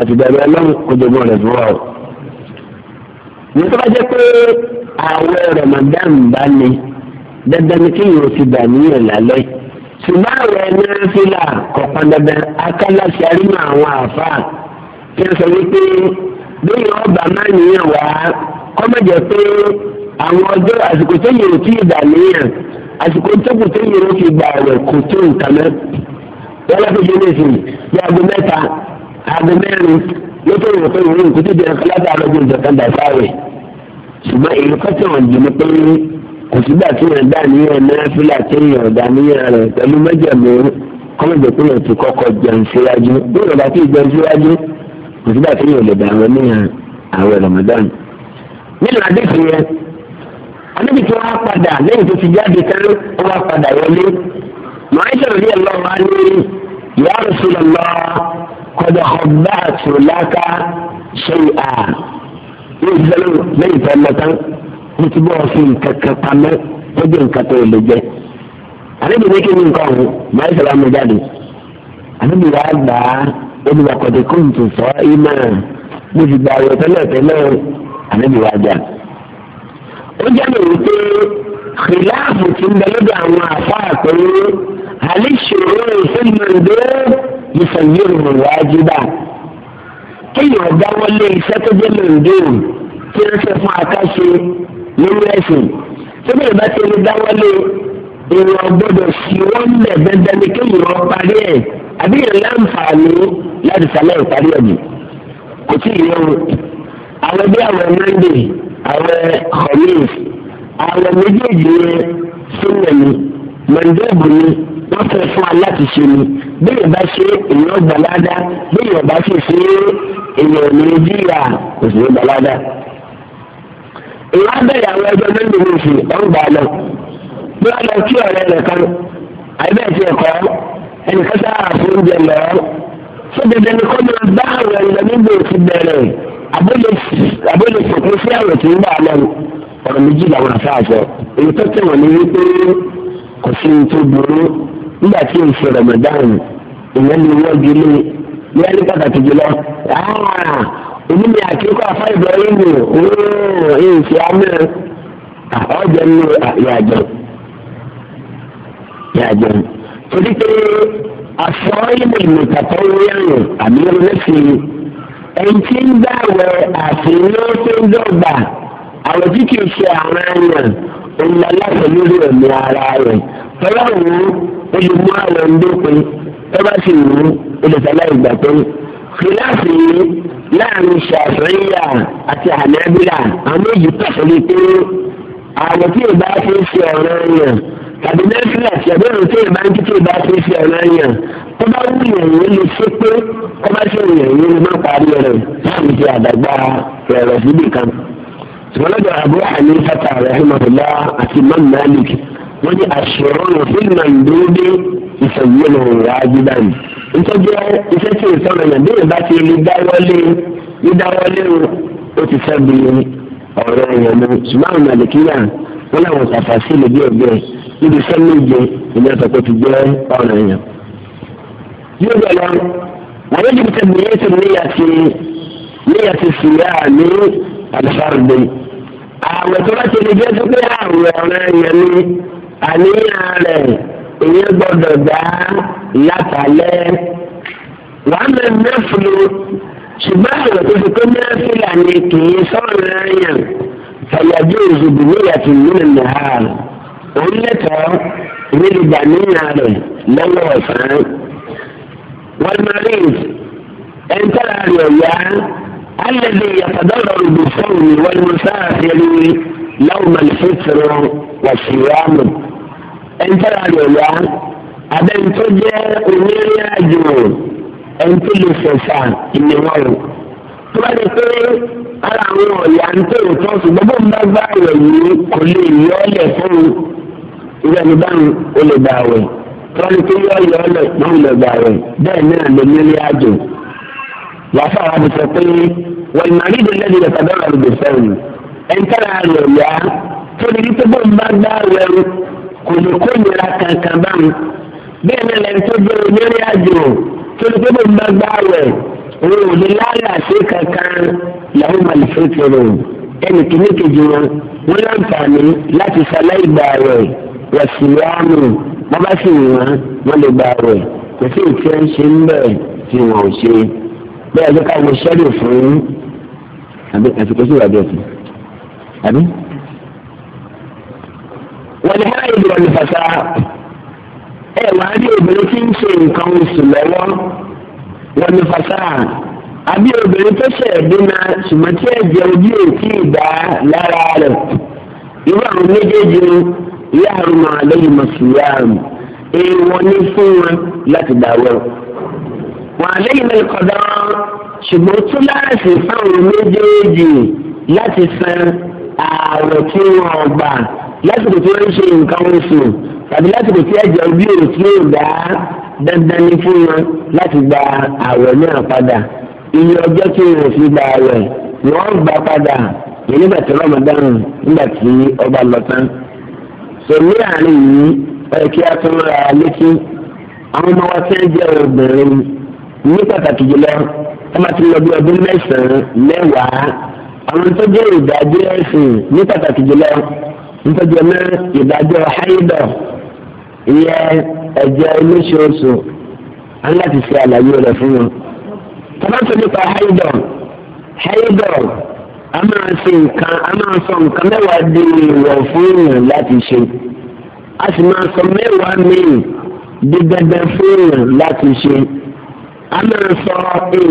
ọlọ́run kójogún rẹ̀ fún wa ní tó bá jẹ́ pé àwẹ̀ Ramadan bá ní dandan ni kí yóò ti gbà níyàn lálẹ́ ṣùgbọ́n àwẹ̀ náfìlà kọ̀ọ̀kan dandan akálàṣẹ àrínú àwọn àfa kí n sọ wípé lóyún ọba máa níyàn wá kọ́mọ̀jẹ̀ pé àwọn ọjọ́ àsìkò tó yẹ òtí ìgbà àsìkò tó kù tó yẹ òtí ìgbà rẹ̀ kò tó nǹkan mẹ́. wọ́n lọ́kùnrin ṣe lè bí aago mẹ́ta aago mẹ́rin lókè rò pé ìwé ìkútí jẹ ẹ̀kọ́lájà lọ́jọ́ ìjọba dàsáwẹ̀ ṣùgbọ́n èyí kọ́tà wọn jù ní pé kò sígbà tí wọn dá níyàn náà fúlà tí èèyàn ọ̀dà níyàn rẹ̀ pẹ̀lú mẹ́jẹ̀mú kọ́mọ̀jẹ̀ pé èèyàn ti kọ́kọ́ jẹun síwájú bí wọn bá ti jẹun síwájú kò sígbà tí èèyàn lè dà wọn níyàn àwẹ̀ Ramadan. nínú adéfì yẹn anábì tí wọn padà lẹ́yìn tó ti jáde tán wọn padà wọlé màá ń sọ̀rọ̀ kọjá ọba àtúnláka ṣe à yóò jẹ́ lẹ́yìn tó lọ tán mo ti bọ́ sí nǹkan kan pamọ́ tó jẹ́ nǹkan tó lè jẹ́ àlejò ní kí ni nǹkan ọ̀hún máa ń sọ̀rọ̀ àmọ́ jáde àlejò wa gbà á olùwàkọ̀dé kò ń tún sọ ìmọ̀ mo ti gba àwọ̀ tẹ́lẹ̀ tẹ́lẹ̀ àlejò jà ó jẹ́ mi wípé kìláàfù ti ń bẹ lọ́dọ̀ àwọn àfáà pé àlejò ìṣòro ìṣèlú ìdúró yusayyiruhu wajiba kéèyàn dáwọ́lé iṣẹ́ tó jẹ́ mẹ́ndéèrè tí wọ́n ṣe fún akáṣe nínú ẹ̀sìn tó bẹ̀rẹ̀ bá tẹ̀lé dáwọ́lé èèyàn gbọ́dọ̀ sí wọ́n lẹ̀ dandan ní kéèyàn parí ẹ̀ àbí èèyàn láǹfààní láti sàlẹ̀ ìparí ẹ̀ jù kò tí ì yẹ àwọn bí àwọn mẹ́ndé àwọn kọ̀míìs àwọn méjèèjì yẹn sínú ẹ̀mí mẹ́ndéèbù ni wọ́n fẹ́ fún aláti ṣe ni bẹ́ẹ̀ bá ṣe èèyàn gbàládá bẹ́ẹ̀ bá ṣe ṣe èèyàn ní jíyà kò sí gbàládá. èèyàn bẹ̀rẹ̀ àwọn ẹgbẹ́ mẹ́rin ní ìfì ọ̀gbà lọ bí wọ́n lọ kí ọ̀rẹ́ rẹ̀ kan àìbẹ́ẹ̀ ti ẹ̀kọ́ ẹnìkan sáà fún oúnjẹ lọ́ọ́ sódede ni kọ́ máa bá àwọn ẹ̀yàn nígbà òsì bẹ̀rẹ̀ àbólè sọ̀kún sí àwẹ̀ tí ń bá lọ ọ̀rọ̀ méjì làwọn àfáà kò sí ní tó burú nígbà tí èsì Ramadan ìyẹn lè wọ́gi lé lóyá ní pàtàkì jùlọ ah, èmi ni àkíkọ́ afá Ibrahim èsì amú ọjà ní yàjọ ah, yàjọ torí pé àfọwọ́yìnbó ìmọ̀tàtọ̀ wíyàwó àbí ẹlẹ́sìn ẹni tí ń gbàwẹ̀ àti ní ó tó ń dọ̀gbà àwọn tí kìí ṣe àwọn ẹ̀yàn òun aláṣẹ lórí ẹ̀mí ara rẹ̀ fọláwù ó lè mú àwọn ẹ̀ńdópin tó bá sì wù ó lè sálá ìgbà pé fìlàsì láàrin ṣàfihà àti ànábìlà àwọn èyí pàṣẹ pé àwọn tí ìbá fi ń ṣe ọ̀rọ̀ yẹn tàbí nẹ́fìlà tí àbẹ̀rù tí ìbá ń títí ìbá fi ń ṣe ọ̀rọ̀ yẹn tó bá wù yẹn yẹn lè ṣe pé kó bá ṣe má parí rẹ̀ láàrin ti àdàgbà rẹ̀ rẹ̀ síbì kan tìmọ́lọ́dọ̀ Abu Hanifa rahimahullah àti Imam Malik wọ́n ní àṣọrọ̀rùn fílmà ìdúródé ìṣòwòlò wájúdáì. nítorí iṣẹ́ tí ì sọ̀rọ̀ yẹn bíyẹn bá ti lè dáwọ́lé dídáwọ́lé ó ti fẹ́ bi ọ̀rọ̀ yẹn mú ṣùgbọ́n màlìkíyà wọ́n làwọn kàfà sí ilé bíẹ̀ bíẹ̀ níbi iṣẹ́ méje ìní àtọ̀kọ́ ti jẹ́ ọ̀rọ̀ yẹn. bí ó bẹ̀rẹ̀ wọ́n yóò dìbò tẹ̀lé ní ìyàtì síyá ní àlùfáàrùdẹ́yì àwẹ̀ tó bá ti lè jẹ́ tó pé àwẹ̀ ọ̀rẹ́ yẹn ni àníyàn rẹ̀ ìyẹn gbọ́dọ̀ dá látàlẹ́. wàá mẹ mẹ́fúlù ṣùgbọ́n àwẹ̀ tó ti pé mẹ́fìlà ni kì í sọ̀rọ̀ yẹn fàyàjú òṣùbù níyàtì nínú nìhà òun lẹ́tọ̀ọ́ nínú ìgbàníyàn rẹ̀ lọ́wọ́ ọ̀sán. wọ́n máa rí ẹ̀ńtẹ́rà rẹ̀ yá alẹ́dẹ̀ yàtọ̀dọ́rọ̀ lùsọ̀rọ̀ wọn ni sáàfẹ́rì láwùmọ̀lì fẹ́tìrọ̀ wàṣíwámù ẹ̀ńtẹ́rà rẹ̀ wá abẹ́ntó jẹ́ onírìn àjò ẹ̀ńtí lè fẹ̀fà ìníwọ̀n tó bá lè pé ara àwọn ọ̀yà ń tó òótọ́ ṣùgbọ́n bó ń bá gbá rẹ̀ yìí kò lè yọ ọ́ lẹ̀ fún un ìwé ẹni báyìí ó lè gbà wẹ̀ tó bá lè pé yọ ọ́ lẹ̀ fún un lè gbà wẹ̀ bẹ́ẹ̀ náà lè nílé àjò làfàrà mi sọ pé wọ́n ìmàlí ìdè lẹ́nu ìyẹ̀fà dọ́là ló gbèsè òní ẹ̀ńtẹ́rà rẹ̀ yá tó ní wípé bó ń bá gbá wẹ̀rù kò ní kó nira kankan bá mi bẹ́ẹ̀ ni lẹ́nu tó gbé onírin àjò tó ní pé bó ń bá gbá wẹ̀ òun ò ní láàyè àṣẹ kankan làwọn màlìfẹ́ tẹ̀lé ẹnì kìíní kejì wọn wọn láǹfààní láti ṣàlàyé gbà wẹ̀ wẹ̀ sì bá sì wọ́n wọ́n lè gbà wẹ̀ kò sí ìtẹ́ ń ṣe ń bẹ̀ tí wọ́n ṣe. bẹ́ẹ̀ ẹjọ́ ká wo sẹ́rì fún àbí àsìkò sí ìwádìí ẹ̀sìn àbí. wọ́n ní báyìí lọ ní fàṣà ẹ̀ wá rí obìnrin tí ń ṣe nǹkan oṣù lọ́wọ́ wọ́n ní fàṣà àbí obìnrin tó ṣe ẹ̀dínà ṣùgbọ́n tí ẹ̀jẹ̀ ojú ètí ìdá lára rẹ̀ irú àwọn méjèèjì yàrá màálẹ́yìn màṣúyàmù èèwọ̀ ní fún wọn láti dàwọ́. wà lẹ́yìn náà kọ̀dọ̀ ṣùgbọ́n túláàsì fáwọn méjèèjì láti san ààrẹ tí wọ́n gbà lásìkò tí wọ́n ń ṣe nǹkan oṣù tàbí lásìkò tí ẹ̀jẹ̀ bí òun tí yóò dá dandan ní fún wọn láti gba ààrẹ náà padà iye ọjọ́ tí wọ́n fi gba ààrẹ wọ́n gbà padà nígbà tí Ramadan nígbà tí ọba lọ tán. sọ ní àárín yìí ẹ̀ kí a tún ra létí àwọn ọmọ wa tí wọ́n jẹ́ obìnrin ní pàtàkì jùlọ ẹ máa ti lọ bí ọdún mẹ́sàn-án mẹ́wàá àwọn tó jẹ́ ìdájọ́ ẹ̀sìn ní pàtàkì jùlọ nítorí ọmọ ìdájọ́ háídọ̀ ìyẹn ẹ̀jẹ̀ olóṣooṣù aláti ṣe àlàyé rẹ̀ fún wọn. tọ́lọ́sọ nípa háídọ̀ háídọ̀ a máa ṣe nǹkan a máa sọ nǹkan mẹ́wàá di ìwọ̀ fún èèyàn láti ṣe a sì máa sọ mẹ́wàá míì di dandan fún èèyàn láti ṣe a máa sọ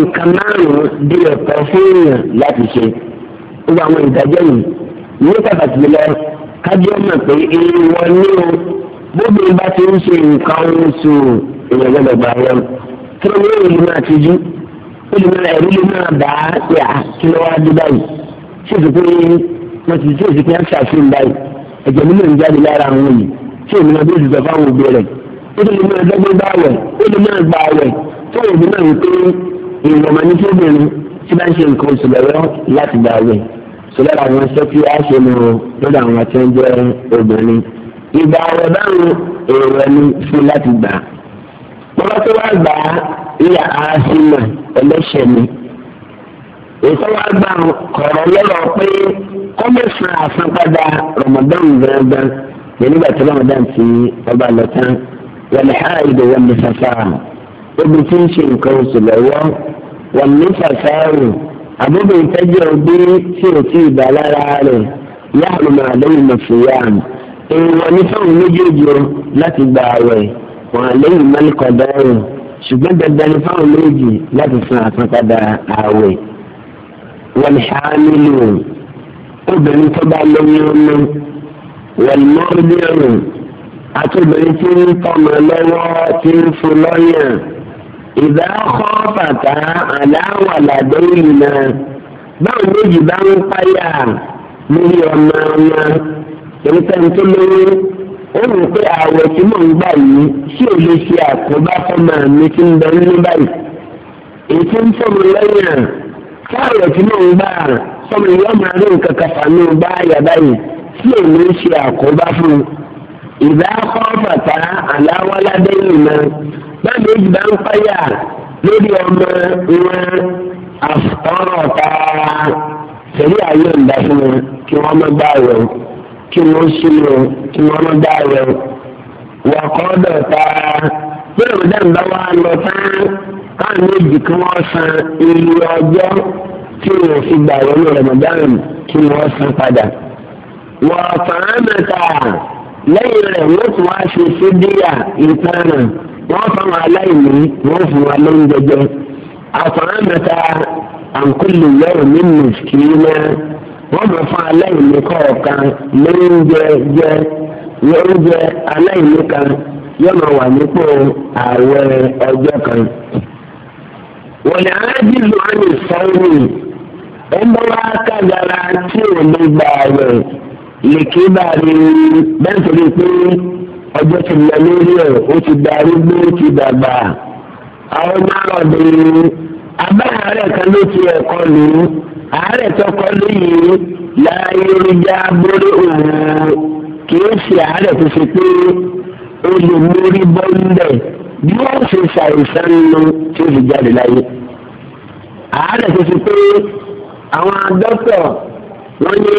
nǹkan márùn-ún di ẹ̀kọ́ fún èèyàn láti ṣe gbogbo àwọn ìdájọ́ yìí ní pàtàkì jùlọ kájọ́ mọ̀ pé èèwọ̀ ní o bóbi bá ti ń ṣe nǹkan oṣù èèyàn gbọ́dọ̀ gbà yẹn kí ló ní èyí máa ti jú ó lè máa ẹ̀rí lè máa bá a pé a kí ló wá dé báyìí ṣé èsì pé wọ́n ti ṣe èsì pé ṣàfihàn báyìí ẹ̀jẹ̀ mi lè ń jáde lára àwọn yìí ṣé èmi náà bí èsì sọ fáwọn òbí rẹ̀ ó lè máa dọ́gbọ́n bá wẹ̀ ó lè máa gbà wẹ̀ tó òbí náà wípé ìwọ̀nmọ̀ ní kí obìnrin tí bá ń ṣe nǹkan oṣù lọ́wọ́ láti gbà wẹ̀ sọlá àwọn sẹ́kì àṣẹ ni o lọ́dọ̀ àwọn tí wọ́n jẹ́ obìnrin ìgbà ọ̀rọ̀ dáhùn èrò ẹni fún láti gbà wọ́n tó wá gbà á ìyá àásìmọ̀ ẹlẹ́ṣẹ̀ mi ètò wá gbà kọ̀rọ̀ lọ́rọ̀ pé kọ́mẹ̀sán àsanpadà rọmọdán gbẹ̀ngbẹ̀ng nígbà tí rọmọdán ti ọba lọ́tàn wọlé háàyè wọlé fẹ́fẹ́ àmọ́ obì tí ń ṣe nǹkan oṣù lọ́wọ́ wà ní fàṣàrù àbúrò ìtẹ́jú ọdún tí ò tí ì bá lára rẹ̀ yá àlùmọ̀ àlẹ́yìn mọ̀fìyàn èèwọ̀ ní fáwọn méjèèjì o láti gba àwẹ̀ wọn àlẹ́yìn mọ́lẹ́kọ̀dọ́rùn ṣùgbọ́n dandan ní fáwọn méjì láti san àsanpadà àwẹ̀ wọn hàmìlù obìnrin tó bá lóyún ọmọ wọn mọ́rìndínlọ́rùn àti obìnrin tí ń tọ́mọ lọ́wọ́ tí ń fún lọ́yàn ìdá kọ́ bàtà aláwọ̀ làdé ìlà báwọn méjì bá ń páyà lórí ọmọ wọn èyíkà ń tó lóyún ó rò pé ààwẹ̀ tí mò ń gbà yìí ṣé ò lè ṣe àkóbá fọmọ mi tí ń bẹ nínú báyìí èyí tí ń fọmọ lẹ́yìn à káàwẹ̀ tí mò ń gbà fọmọ ìyá ọmọ rẹ̀ nǹkan kàfà ní ọgbà àyà báyìí tí ò lè ṣe àkóbá fún un ìdá kọ́ bàtà aláwọ̀ làdé ìlà báyìí ó gbà ń fáyà lórí ọmọ wọn àfọ̀rọ̀ tààrà tẹ̀lé ayé ìgbà fún wọn kí wọ́n má bá rẹ̀ kí wọ́n ṣe rẹ̀ kí wọ́n má bá rẹ̀ wọ́n kọ́ dọ̀ tààrà bí ramadan bá wà lọ tán káwọn méjì kí wọ́n san iye ọjọ́ tí wọ́n fi gbà wọlé ramadan kí wọ́n san padà wọ́n fàánà tààrà lẹ́yìn rẹ̀ wọ́n tún wá ṣe sídìyà ìtàn náà wọ́n fáwọn aláìní wọ́n fún wa lóúnjẹ jẹ àfọ̀nàmẹ́ta àǹkólè yẹ̀wò ní mùsùlùmí wọ́n mọ̀ fún aláìní kọ̀ọ̀kan lóúnjẹ jẹ lóúnjẹ aláìní kan yóò máa wà nípò ààwẹ̀ ọjọ́ kan. wọ́n á dì lórí sọ́ọ̀nì ẹgbẹ́ wa kájára tí ò lè gbà rẹ̀ lè kí bá rí bẹ́ẹ̀ torí pé ọjọ́ ti lọ lórí ẹ̀ ó ti darúgbó ó ti dàgbà àwọn márùn-ún abá àárẹ̀ kan ló ti ẹ̀kọ́ lù ú àárẹ̀ tọkọ lóyìí láàyè oríjà borí òun kìí ṣe àárẹ̀ tó ṣe pé ó lè mórí bọ́ ńbẹ̀ bí wọ́n ṣe ṣàìsàn lọ tí ó fi jáde láyé àárẹ̀ tó ṣe pé àwọn dókítà wọ́n ní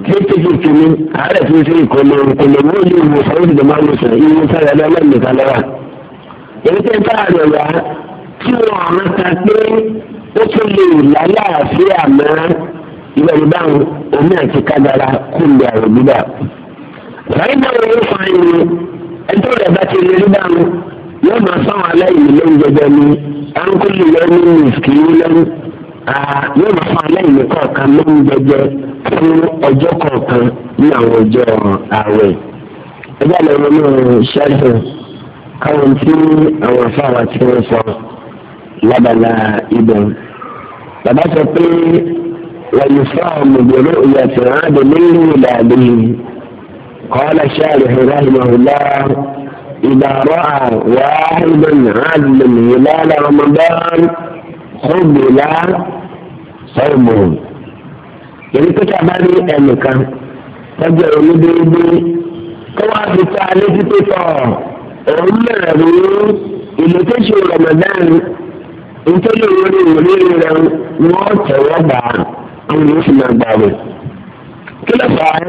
fifty fifty ni àárẹ̀ tí ń ṣe ìkọlẹ̀ ìkọlẹ̀ wọ́n ní ìwòsàn ó sì dẹ̀ máa ń wòsàn ìwòsàn rẹ̀ lọ́wọ́ nìkan lọ́wọ́. èyí tẹ́ bá rẹ̀ wá tí wọ́n àwọn ta pé ó tún lè lálàáfíà mọ́ ìwé ìbá omi àti kádàrá kú lè àrùn gbígbà. báyìí náà wọ́n fa ẹni ẹjọ́ rẹ̀ bá ti rí bá yóò máa fáwọn aláìní lóúnjẹ bẹ́ẹ̀ ni àńkúlù yẹn ní mìsíkì yóò máa fáwọn aláìní kọ̀ọ̀kan lóúnjẹ bẹ́ẹ̀ fún ọjọ́ kọ̀ọ̀kan ní àwọn ọjọ́ ààwẹ̀. ẹgbẹ́ àlọ́ náà ṣáàṣẹ̀ káwọn tí àwọn afáwà tí wọ́n sọ lábala ibẹ̀. bàbá sọ pé wàyí fáwọn obìnrin ìyàtọ̀ àádọ́ lẹ́yìn ìlàlẹ́ yìí kọ́lá ṣáàrẹ̀ ẹ̀rọ ìmọ̀ọ́lá. إذا رأى واحدا عدلا هلال رمضان قبل صومه yẹni pé tá a bá rí ẹnìkan ẹgbẹ́ òní déédéé tó wá fi tá a létí pé tọ̀ òun bẹ̀rẹ̀ rí ìlú tó ṣe rọ̀mọ̀dán nítorí ìwúrí ìwúrí rẹ̀ wọ́n tẹ̀wọ́ gbà àwọn yóò fi máa gbà rẹ̀. kí ló fà á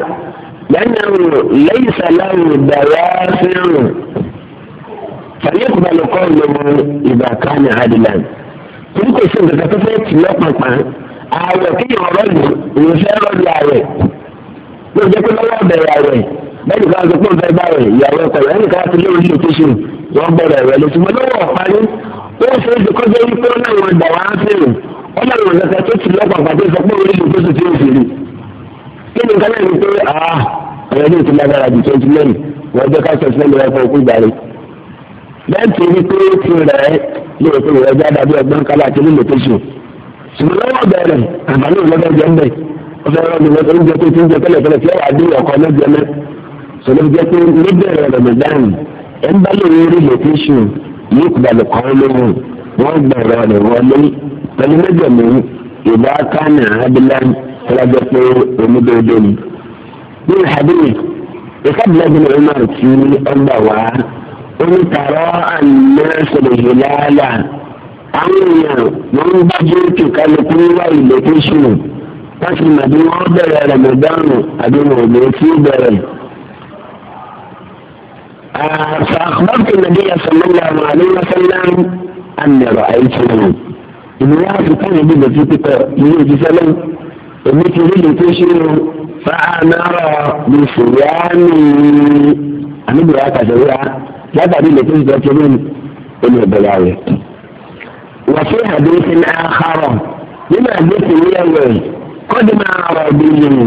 lẹ́yìn àwọn lẹ́yìn sàlámù dàrá fẹ́ràn fàyẹ̀kù balùwẹ̀ kọ́ ọ̀nà ìbàkánì adìlẹ̀ torí kò sí nǹkan tó fẹ́ tì lọ́pàpà ààwẹ̀ kéèyàn rọ́ọ̀lù èyí fẹ́ rọ́ọ̀lù ààwẹ̀ ló jẹ́ pé lọ́wọ́ bẹ̀rẹ̀ ààwẹ̀ bẹ́ẹ̀ni ká sọ pé òun fẹ́ bá rẹ̀ ìyàwó ẹ̀kọ́ rẹ̀ ẹnì kan ti lé orí location wọ́n gbọ́dọ̀ rẹ̀ lọ ṣùgbọ́n lọ́wọ́ ọ̀parí ó ń fẹ́ẹ́ kọjá wípé ó náà wọn dà wá fèrè ó náà wọn kẹta tó ti lọ́pàá pàtó sọ pé orí location ti ń fèrè kí ni nǹkan náà ní pé ah ọ̀rẹ́ ní ìtura dára ju twenty nine wọ́n jẹ́ ká sọ sílẹ̀ ní ẹ̀fọ́ òkú ìgbà rẹ̀ lẹ́yìn tó ní pé ó ti rẹ̀ lóòótọ́ ìrẹ́jà dàbí ọgbọ́n kálá àti orí location ṣùgbọ́n lọ́wọ́ bẹ̀rẹ̀ àǹfààní ìlọ́dọ̀ jẹ́ ń bẹ̀ ọ̀fẹ́ ọ̀rọ̀ mi lọ́sọ̀rọ̀ jẹ́ pé tí ń jẹ tẹ́lẹ̀ tẹ́lẹ̀ tí ó wà dé ọkọ̀ lọ́jọ́ náà sọ̀rọ̀ jẹ́ pé níbẹ̀rẹ̀ Ramadan ẹ̀ ń bá lórí orí lòkíṣù yóò kúdà lè kọ́ lóhùn wọ́n gbẹ̀rẹ̀ rẹ̀ wọlé pẹ̀lú méjì mi ìbá kánà abilan tọ́lájọ́ pé onídéédé ni. bí ìhàdíyì ìfàdílẹ́gbẹ̀rẹ̀ Umar tí ọgbà wá onítàrọ́ àná sọ̀rọ̀ àwọn èèyàn wọn ń gbájú ètò kálukú wá ilé tó ṣùnà wọn sì bí wọn bẹ̀rẹ̀ rẹmọdánù àbí wọn ò lè fi bẹ̀rẹ̀. فأخبرت النبي صلى الله عليه وسلم أني رأيته ìlú wa fi kọ́ ìlú lè fi pípẹ́ ìlú òjíṣẹ́ lẹ́yìn èmi ti rí lèkó ṣe é fáánárọ̀ ní sùúránì àmì ìbúra kàṣẹ́wéra látàrí lèkó ṣe tọ́jú lónìí ó ní ọ̀bẹ̀rẹ̀ wàfí àdéhùn àkàrọ̀ nínú àdéhùn yẹ̀wẹ̀ kọ́dìmọ̀ àrọ̀ bìyìn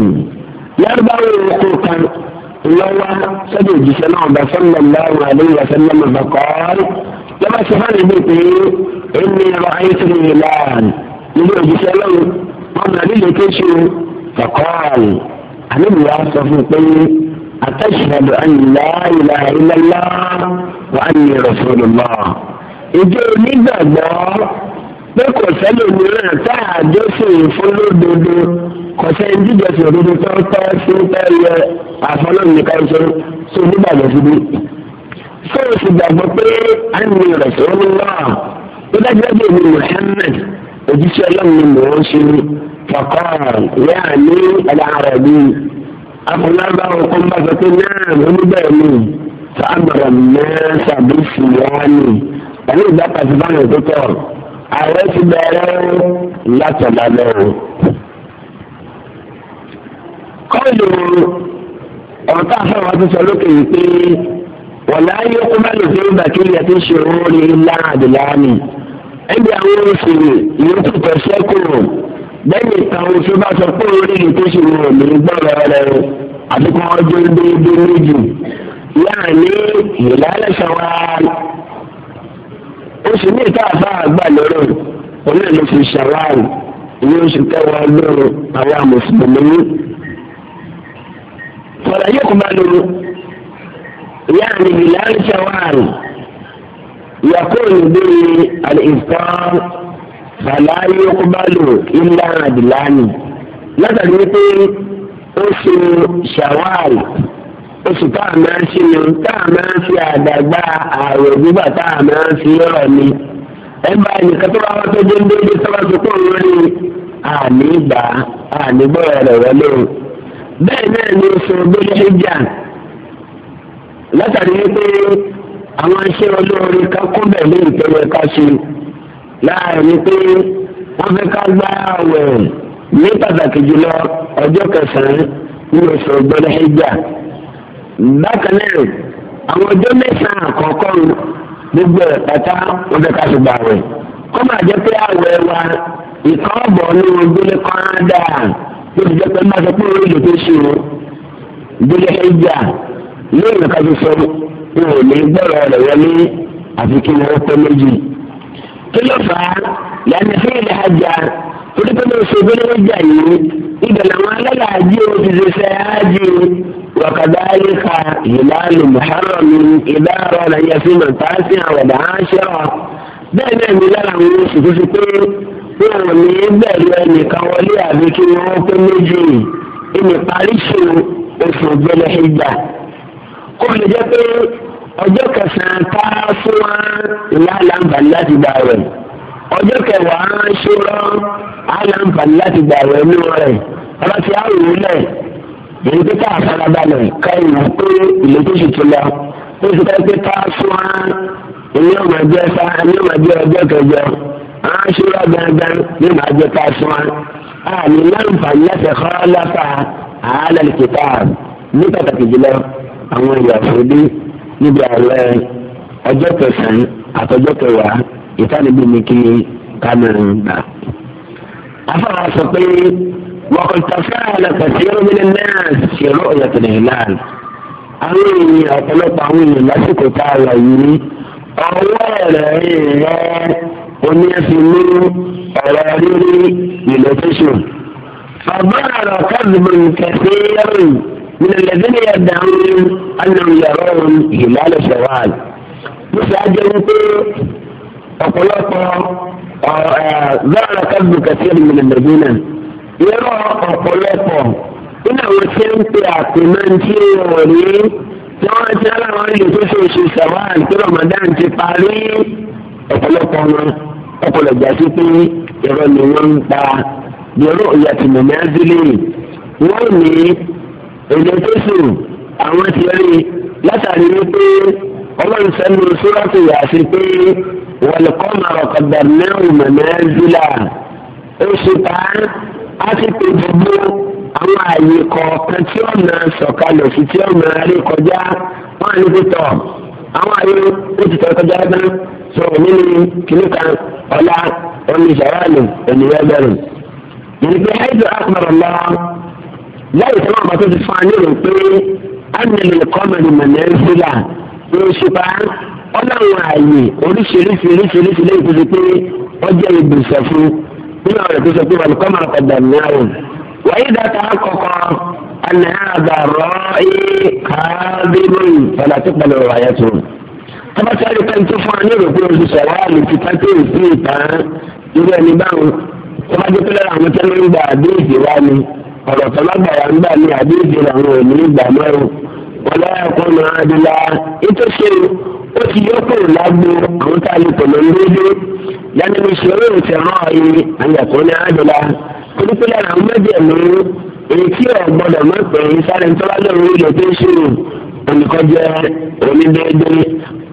yàrá-báwò kó kan lọ́wọ́ sọ́dọ̀ òjíṣẹ́ náà bá sọ́nà lọ́wọ́ àdéhùn àṣẹ́nà bàbá kọ́ọ́rì lọ́wọ́ sọ́fà níbi pé ẹni ọ̀rọ̀ àyẹ̀sìn ìlànà níbi òjíṣẹ́ lọ́wọ́ wọn bá nílé kéṣù kọ́ọ́rì àníbùwá sọ fún pé àtẹ̀ṣẹ̀dọ̀ àyìnlá ìlà ìlàlá wà á ní rẹ̀ fún ìjọ onígbàgbọ́ pé kò sẹ́lẹ̀ mìíràn tá a jọ sòyìn fún lódodo kò sẹ́yìn jíjọ sòdodo tó tọ́ sí tọ́ yẹ àfọlọ́nìkà ìṣó tó onígbàgbọ́ síbi. ṣé o sì gbàgbọ́ pé a ní rẹ̀ tó ń wá ó dájúdájú èmi Muhammad òjíṣẹ́ ọlọ́run ni mò ń ṣe kọ̀kọ́ ìyá ní alára bí afọlábá ọkọ̀ ń bá sọ pé náà mẹ́sàbí fìyà ni. ẹ̀mí ìgbàkàtí báyìí tó tọ̀ ààrẹ ti bẹ̀rẹ̀ látọ̀lá lẹ́rù. kọ́ọ̀lù ọ̀tá àfọwọ́ ti sọ lókè yìí pé wọ́n náà yẹ kó má lè fi ìgbà kí ilẹ̀ ti ṣòro rí láàdìlá mi. ẹbí àwọn òṣèré ìyókù tó ṣẹ́kù bẹ́ẹ̀ni ìtàwọn òṣèré bá sọ pé orí ni tó ṣe wọ̀ ní gbọ́dọ̀ rẹ̀ àti kí wọ́n jó déédéé méjì. yáà ní ìlànà ṣọwọ́ oṣù ní ìta àbá àgbà lọ́rọ̀ onílẹ̀ ló fi ṣàwárì ìwé oṣù kẹwàá lọ́rọ̀ àwọn mùsùlùmí. fọlá yóò kó bá lóru ìyá mi bìláàrí ṣàwárì yàkóòlù bíi àlìfọ́n fàlà yóò kó bá lò ilé àdìláàmì látàrí wípé oṣù ṣàwárì. oṣù tá a máa ń ṣínú tá a máa ń fi àdàgbà ààrẹ gbígbà tá a máa ń fi rọ̀ ni ẹ bá ẹnìkan tó bá wọn tó dé ń sábà tó kó lórí àní ìgbà àní gbọ́dọ̀ rẹ̀ wọlé o bẹ́ẹ̀ náà ni oṣù gbélé ṣíjà látàrí wípé àwọn iṣẹ́ olóore ká kó bẹ̀ ní ká ṣe bákan náà àwọn ọjọ́ mẹ́sàn àkọ́kọ́ gbogbo ẹ̀ wọn fẹ́ ká ṣùgbọ́n àwẹ̀ kọ́ máa jẹ́ pé àwẹ̀ wa ìkọ́ọ̀bọ̀ ní ojúlé kan dáa tó ti jẹ́ pé má sọ pé òun tó ṣe o ìdílé ẹja ní ìrìnkà tó sọ wọn ò ní rẹ̀ wọlé àfi kí wọ́n pẹ́ méjì. kí ló fà á sí mo ṣe ìdílé ẹja yìí ibẹ̀ وكذلك هلال محرم إذا أراد أن يصوم التاسع والعاشرة بين هلال عموس تسكين wọn ò ní bẹ̀rù ẹnìkan wọlé àbí kí wọ́n pé méjì ìní paríṣù oṣù gbẹlẹ̀ ìgbà kó lè jẹ́ pé ọjọ́ kẹsàn-án ká fún wa láǹfààní láti gbà rẹ̀ ọjọ́ kẹwàá ṣúrọ́ láǹfààní láti gbà rẹ̀ nínú rẹ̀ ọlọ́tí àwòrán náà èyí tí ká àfarabalẹ̀ ká ìwà pé ìlú tó ṣe ti lọ ó ti ká pé ká fún wa ilé ọmọ ẹgbẹ́ fa ilé ọmọ ẹgbẹ́ ọjọ́ kẹjọ aṣọra gangan ní màá jẹ ká fún wa àmì láǹfààní láti kọ́ lápá àhálà kìtà ní pàtàkì jùlọ àwọn ìyàfòdì níbi ààrẹ ọjọ́ kẹsàn-án àtọjọ́ kẹwàá ìtànìbí mi kí kámẹ́rin gbà. afárá sọ pé. وقد تفاعل كثير من الناس في رؤية الهلال àwọn èèyàn ọ̀pọ̀lọpọ̀ àwọn èèyàn lásìkò tá a wà yìí ọwọ́ rẹ̀ rẹ̀ oní ẹ̀sìn ní ọ̀rọ̀ rírí relocation. فظهر كذب كثير من الذين يدعون أنهم يرون هلال شوال. bó ṣe á jẹ́ wípé ọ̀pọ̀lọpọ̀ ظهر كذب كثير من الذين irọ́ ọ̀pọ̀lọpọ̀ nínú àwọn tí ń pe àpèmọ́ntì wọn ní tí wọ́n ti aláwọn ìlú tó ṣe oṣù sàwọn tí Ramadan ti parí ọ̀pọ̀lọpọ̀ wọn ọ̀pọ̀lọpọ̀ sí pé irọ́ ni wọ́n ń pa yọ̀rọ̀ ìyàtì mọ̀mọ́ ẹ́sílẹ̀ wọ́n ní èdè tó sùn àwọn ti rí látàrí wípé ọlọ́run sẹ́nu sóràtì yàtì pé wọ́n lè kọ́ màrọ̀ kọ̀dà a ti pè gbogbo àwọn ààyè kọ̀ọ̀kan tí ó máa sọ̀kalẹ̀ sí tí ó máa rí kọjá wọn àní ti tọ̀ àwọn ààyè ó ti tọ̀ kọjá tán sọ nínú kìnnìkan ọ̀la oníṣàwálì ènìyàn bẹ̀rù. ìrìnkè àìsí àkùnrin ọ̀la láyé tí wọn bá tó ti fún wa ní ìrò pé ánìlè kọ́mẹ̀lì mọ̀nẹ́ńsílà ló ń ṣe pa ọlọ́run ààyè oríṣiríṣi oríṣiríṣi lẹ́yìn tó ti pé ọjọ́ ibùsọ̀ fún nínú àwọn ètò ìṣèkú wọn kọ́ máa padà náírà wàyí dàtà àkọ́kọ́ àná àbàrọ̀ yìí káàbírù padà tó padà rọ̀ ayé tó. tọ́bátárì kan tó fún wa ní ìròpé oṣù sọ̀rọ̀ àlè ti ká tó ìsí ìtàn irú ẹni báwọn tọ́bátí pẹ́lẹ́ àwọn tó ń gba àdéhìí wa ni ọ̀rọ̀ tọ́lágbà wa ń gbà ní لأن من شروط الراعي أن يكون عدلا قلت لنا مجمع èyí ọ̀gbọ́dọ̀ máa pè é sáré tó bá lórí ilẹ̀ tó ń ṣòro olùkọ́jẹ́ onídéédé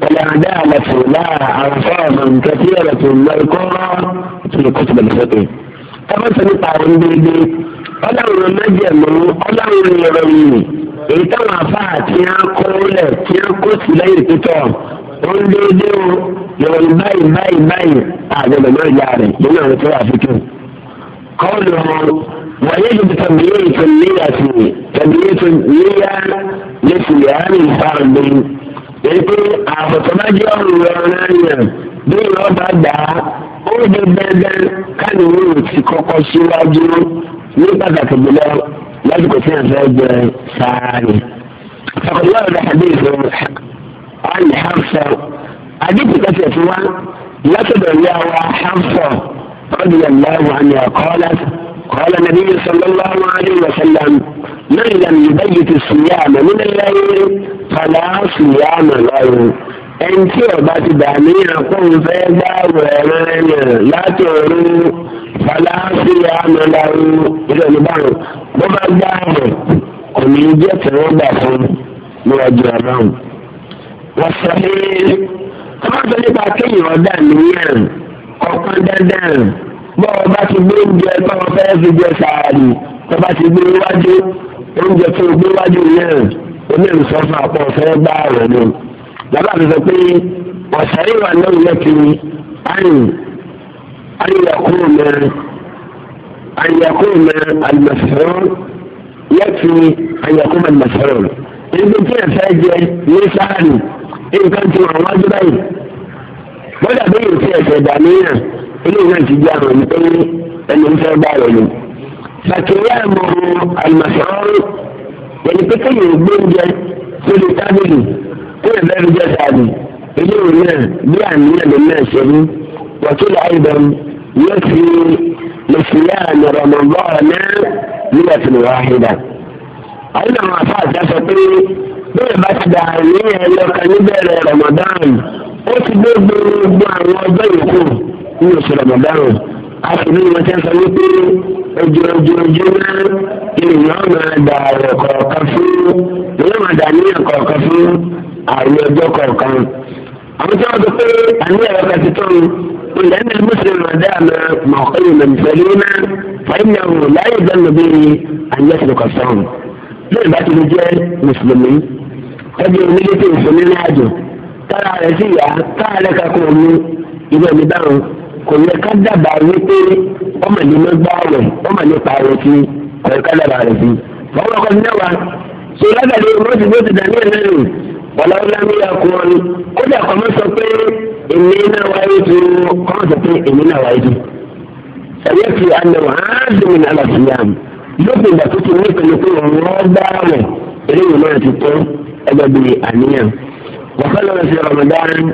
ọ̀làdá àlàfòlá àràfà ọ̀gbọ̀nkẹ́ tí ọ̀rọ̀ tó ń lọ ikọ́ tó lè kó tó lọ́dọ̀ sókè. ọmọ sọ nípa àwọn onídéédé ọlọ́run mẹ́jẹ̀mú ọlọ́run ìròyìn èyí táwọn afá àti akọ́lẹ̀ tí ó kó sí lẹ́yìn pípọ̀ ó ń déédé o lórí báyìí báyìí báyìí àgbẹ̀dẹ̀ lórí ìyá rẹ̀ lórí ọ̀rọ̀ tó wà fíkún. kọ́ọ̀lù wàyé ju tàbíyé ìtòlíyà sí tàbíyé ìtòlíyà lẹ́sìn ìyáàrin ìfarabẹ́ ètò àfọ̀tọ́májẹ́ ọ̀rùn ọ̀rọ̀ náà bí wọ́n bá gbà á ó di dandan káníwó ti kọ́kọ́ síwájú ní pàtàkì jùlọ lásìkò tí wọ́n fẹ́ ali hafsa adébù kẹsẹ̀ fún wa látọ̀dọ̀ ìyá wa hafsa radiyallahu anha qalat qala nabiyyu sallallahu alayhi wa sallam man lam yubayyit as-siyama min al-layl fala siyama lahu ẹnití ọba ti dà ní àkóhùn fẹ́ gbá wẹ̀rẹ̀ rẹ̀ láti ọ̀run falaasi amalaru ilé oníbàrún bó bá gbá rẹ̀ kò ní jẹ́ tẹ̀wọ́gbà fún níwájú ọlọ́run wọ̀sẹ̀lẹ̀ ọmọdé nípa kéèyàn ọ̀dà nìyẹn ọ̀kan dandan bọ́ ọ bá ti gbé oúnjẹ bá ọ fi jẹ sàárì ọ bá ti gbé wájú oúnjẹ tó gbé wájú yẹn omi ìsọ fún apọ̀ ọ̀fẹ́ gbá rẹ̀ ni bàbá mi sọ pé wọ̀sẹ̀lẹ̀ wà lóyún lẹ́kì ayìn ayẹ̀kùn mẹ́ ayẹ̀kùn mẹ́ àlùmọ̀sẹ̀rọ̀ lẹ́kì ayẹ̀kùn mẹ́ àlùmọ̀sẹ̀rọ̀ ibi tí ẹ̀fẹ́ jẹ ní sàárì nǹkan ti wà wájú báyìí bọ́dà bí yóò ti ẹ̀sẹ̀ dàníyàn eléyìí náà ti di àwọn ìpè ẹni ń fẹ́ bá rẹ̀ lò. bàkìrìyà mọ àlùmọ̀sọ̀rọ̀ yẹn pé kéèyàn gbé oúnjẹ lórí tábìlì kéèyàn bẹ́ẹ̀ jẹ́ sáàbì eléyìí náà bí àníyàn lè náà ṣe mú wàkìlì àìdán yóò fi lè fi yá àmì náà nígbà tó lè wá bẹ́ẹ̀ bá ti dàrú ní ẹ̀yọkàn níbẹ̀rẹ̀ ramadan ó ti gbé gbogbo àwọn ọjọ́ yòókù ní oṣù ramadan a sì ní wọn tẹ́ sọ wípé ojoojúmọ́ èèyàn máa dà rẹ̀ kọ̀ọ̀kan fún èèyàn máa dà níyàn kọ̀ọ̀kan fún àwọn ọjọ́ kọ̀ọ̀kan àwọn tí wọ́n ti pé àníyàn ọkọ̀ ti tó لأن المسلم ما دام مقيما سليما فإنه لا يذل به أن يسلك الصوم. ليه بقى تجي مسلمين ẹbí onílé tó ń fún nínú àjò tára rẹ̀ sì yá tára rẹ̀ kakọ omi ìwé mi dáhùn kò yẹ ká dábàá wípé ọmọ ní ló gbá rẹ̀ ọmọ ní pààrọ̀ sí kò yẹ ká dábàá rẹ̀ sí. wọ́n wọ́n kọ́ sí náà wá ṣe lágbàdo mọ́tì tó ti dání ẹ̀ lẹ́nu wọ́lá wọ́lá mi yà kú ọ́n kódà kọ́ mọ́ sọ pé èmi náà wáyé tu kọ́ mọ́ sọ pé èmi náà wáyé tu. ẹ̀yẹ́ fi àná wà á dùn mí nàlàfíà lópin ìgbà tó ti ní ìpinnu pé òun rọ́ gbá rẹ̀ eléyìí náà ti tó أدبي أنيا وقال في رمضان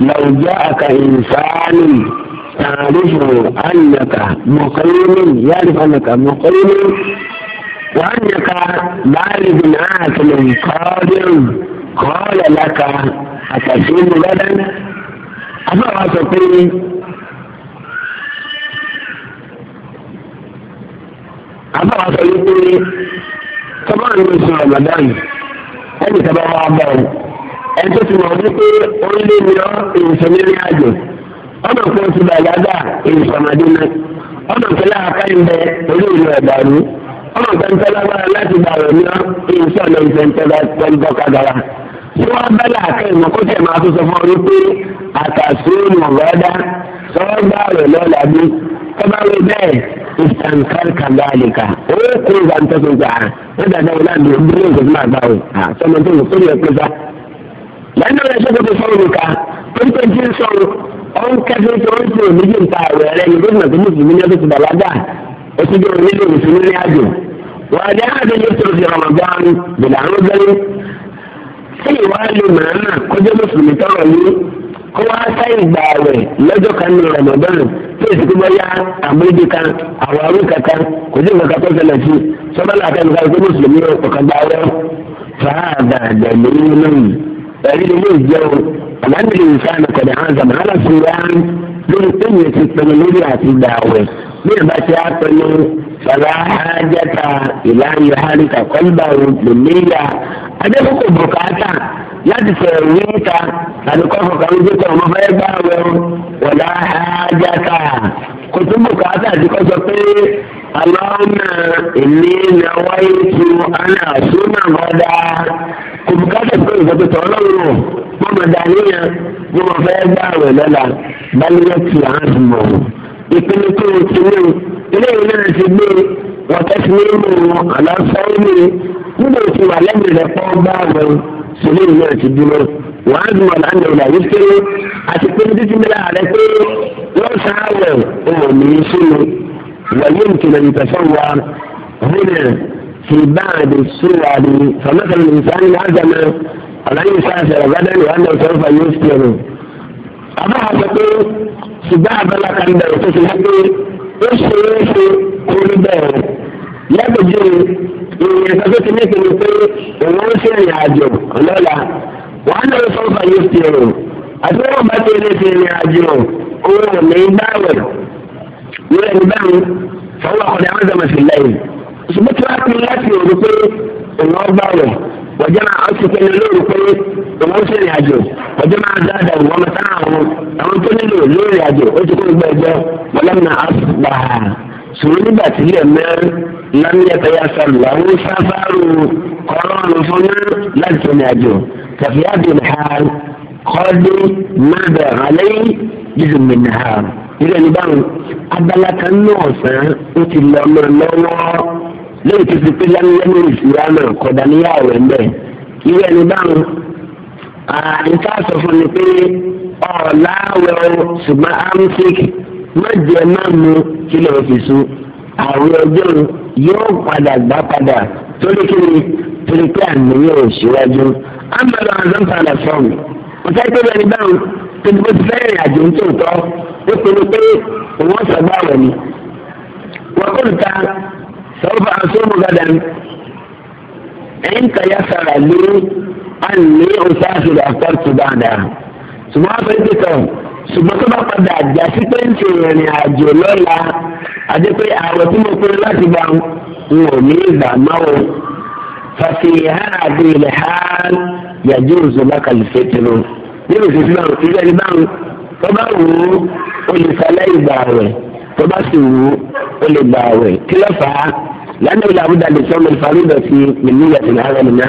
لو جاءك إنسان تعرفه أنك مقيم يعرف أنك مقيم وأنك بارد آكل قادر قال لك أتسلم غدا أفرح تقول أفرح تقول كمان نصف رمضان ẹnì kan bá wà bọ̀ ọ́ ẹni tó ti mọ̀ wípé orílẹ̀ mi ọ́ èyíṣẹ́ nílé àjò ọ̀nà kan ti bàlágà èyíṣẹ́ ọmọdé náà ọ̀nà kan láàká ń orí ìlú ẹ̀dàrú ọ̀nà kan tẹ́ lágbára láti gbà rẹ̀ ní ọ́ èyíṣẹ́ ọ̀nà ìfẹ̀ntẹ́lá tí wọ́n bá láàká ìmọ̀ máa tó sọ fún ọ wípé àtàsí ìmọ̀ gbọ́dá ìsànkárìkà dáàlìkà ó kó ìgbà ń tẹ́sán gbà á wọ́n dàda wọn láàbí òbí ní ìgbésí máa gbà wọn à sọmọ tó ń sórí ẹ̀pẹ́ sá. lẹ́nu rẹ̀ ṣe kókó sọ̀rọ̀ nìka pínpín tí ń sọ̀rọ̀ ọ̀n kẹ́fí tó ń sè ní jìn ta àwẹ̀ rẹ̀ ní gómìnà tó mùsùlùmí ní ọdún ti bàlágà ó ti jẹ́ onílé mùsùlùmí ní àjò. wọ́n á jẹ́ àdéhùn tó fi Ramadan bìlà ń gbẹ́rẹ́ kó wá sẹ́yìn gbà rẹ̀ lọ́jọ́ kan ní rọ̀mọ̀dọ́nù tí èsì tó bá yá àmúrídì kan àwọn arú kankan kò sí nǹkan tó ṣẹlẹ̀ sí sọ́mọ́lá àtẹnu kan pé mùsùlùmí ọ̀kan gbà rẹ̀ fàáda dẹ̀lú lónìí ẹ̀rí ni yóò jẹun àlàndìrì ìfàànà kọ̀dà hàn zàmà hàn sí wa lórí pẹ̀lú ètò ìpinnu lórí àti gbà rẹ̀ bí ìbá ti á pinnu fàlà ájáta láti fẹ̀rù níta tàbí kọ́fù kan ló dẹ́kọ̀ ọmọ fẹ́ gbá wẹ̀rù wọ̀lá ájáka kò tún bò káàtà àti kọ́ sọ pé aláwọ̀nà èmi na wáyé tu ana súnà mọ́dá kò bù káàtà pé ìfọ̀tò tọ̀ ọlọ́run mọ́ mọ́ dàníyàn mọ́ mọ́ fẹ́ gbá wẹ̀ lọ́la bálẹ̀ tì á ti mọ̀ ìpinnu tó o ti mú ilé náà ti gbé wọ́n tẹ́sí mímú àlọ́ sọ́ọ́ sùlẹ́yìn náà ti dúró wọ́n á dùn ọ̀nà àná ìlà yìí kéré àti pé títí mẹ́lá rẹ̀ pé wọ́n sáwẹ̀ òun ní í sínú wọ̀nyí nkìlẹ̀ nìkẹ́sọ̀ wa húnẹ̀ fi báàdì síwáàdì fọmọ́sọ̀rọ̀ nìkan ní àgbàmọ́ ọ̀làyìn sáfẹ̀ ọ̀gádà ní ọ̀nà ìsọ̀rọ̀fà yóò fi ẹ̀rù. àbá àṣọ pé ṣùgbọ́n abala kan bẹ̀rẹ̀ tó ti lé ó ṣe é ṣe kó ìyẹn sọ pé kìnìkì ni pé ṣe ìrìn àjò lọ sọ rò àti bá ti rí fi àjò òun ò ní gbàwẹ̀ nílẹ̀ nígbà mi fọwọ́ àkọ́dá wọn zọmọ sí lẹ́yìn ṣùgbọ́n tí wọ́n á pinnu láti rò pé òun ọgbà wọ́jọ́ máa ọ́ ti pinnu lóru pé òun ṣe ìrìn àjò wọ́jọ́ máa dáadáa àwọn àwọn tó nílò àjò ó ti kó gbẹgbẹ́ wọ́n lẹ́nu nígbà tí mẹ́rin lámìyàtọ̀ yà sọ̀rọ̀ làwọn sáfàrù kọ́rọ́ọ̀lù fún yín láti tẹ̀lé àjò kàfíàbì nìhàn kọ́dé mẹ́bẹ̀ àlẹ́ yìí mi nìhàn. ìrẹ̀ ní báwọn abala kan náà sàn ó ti lọ mọ́ lọ́wọ́ lẹ́yìn tó ti pé lámìyàtọ̀ ìfura náà kọ̀dà níyàwó ẹ̀ mbẹ́. ìrẹ̀ ní báwọn àìsàn sọ fún mi pé ọ̀làwẹ̀ ṣùgbọ́n amsik má jẹ́ má mu kí fi sùn àwọn ọjọ́ yóò padà gbà padà torí kí ni torí pé àmì yóò ṣíwájú amadu azam padà fún mi mo fẹ́ tó bẹ̀rẹ̀ báwọn tó ti bó ti fẹ́ rìn àjò tó tọ́ ó pinnu pé òun sọgbà wẹ̀ ni wọ́n kò ta sọ́wọ́fà sọ́wọ́ gàdá ni ẹ̀yìn kàyà sara lé àlè òṣàṣìlẹ̀ àpọ̀tù dáadáa ṣùgbọ́n a fẹ́ tẹ̀ tọ̀ ṣùgbọ́n tó bá padà àjà sí pé ń ṣe ìrìn àjò lọ́la àti pé àwọ̀ tí mo pinnu láti gbà ń ò ní ìgbà máa o. fàṣì ìhàdì ilẹ̀ ha yàjú òṣùbà kàlùfẹ́ tìrò nínú ìṣesí náà ìṣe ẹni báwọn tó bá wù ú o lè sálẹ̀ ìgbà rẹ̀ tó bá sì wù ú o lè gbà rẹ̀ kí ló fà á lánàá ìlà àbúdá lè sọmọ ìfarí ìdọ̀tí pẹ̀lú ìyàtọ̀ náà rẹ̀ nìyà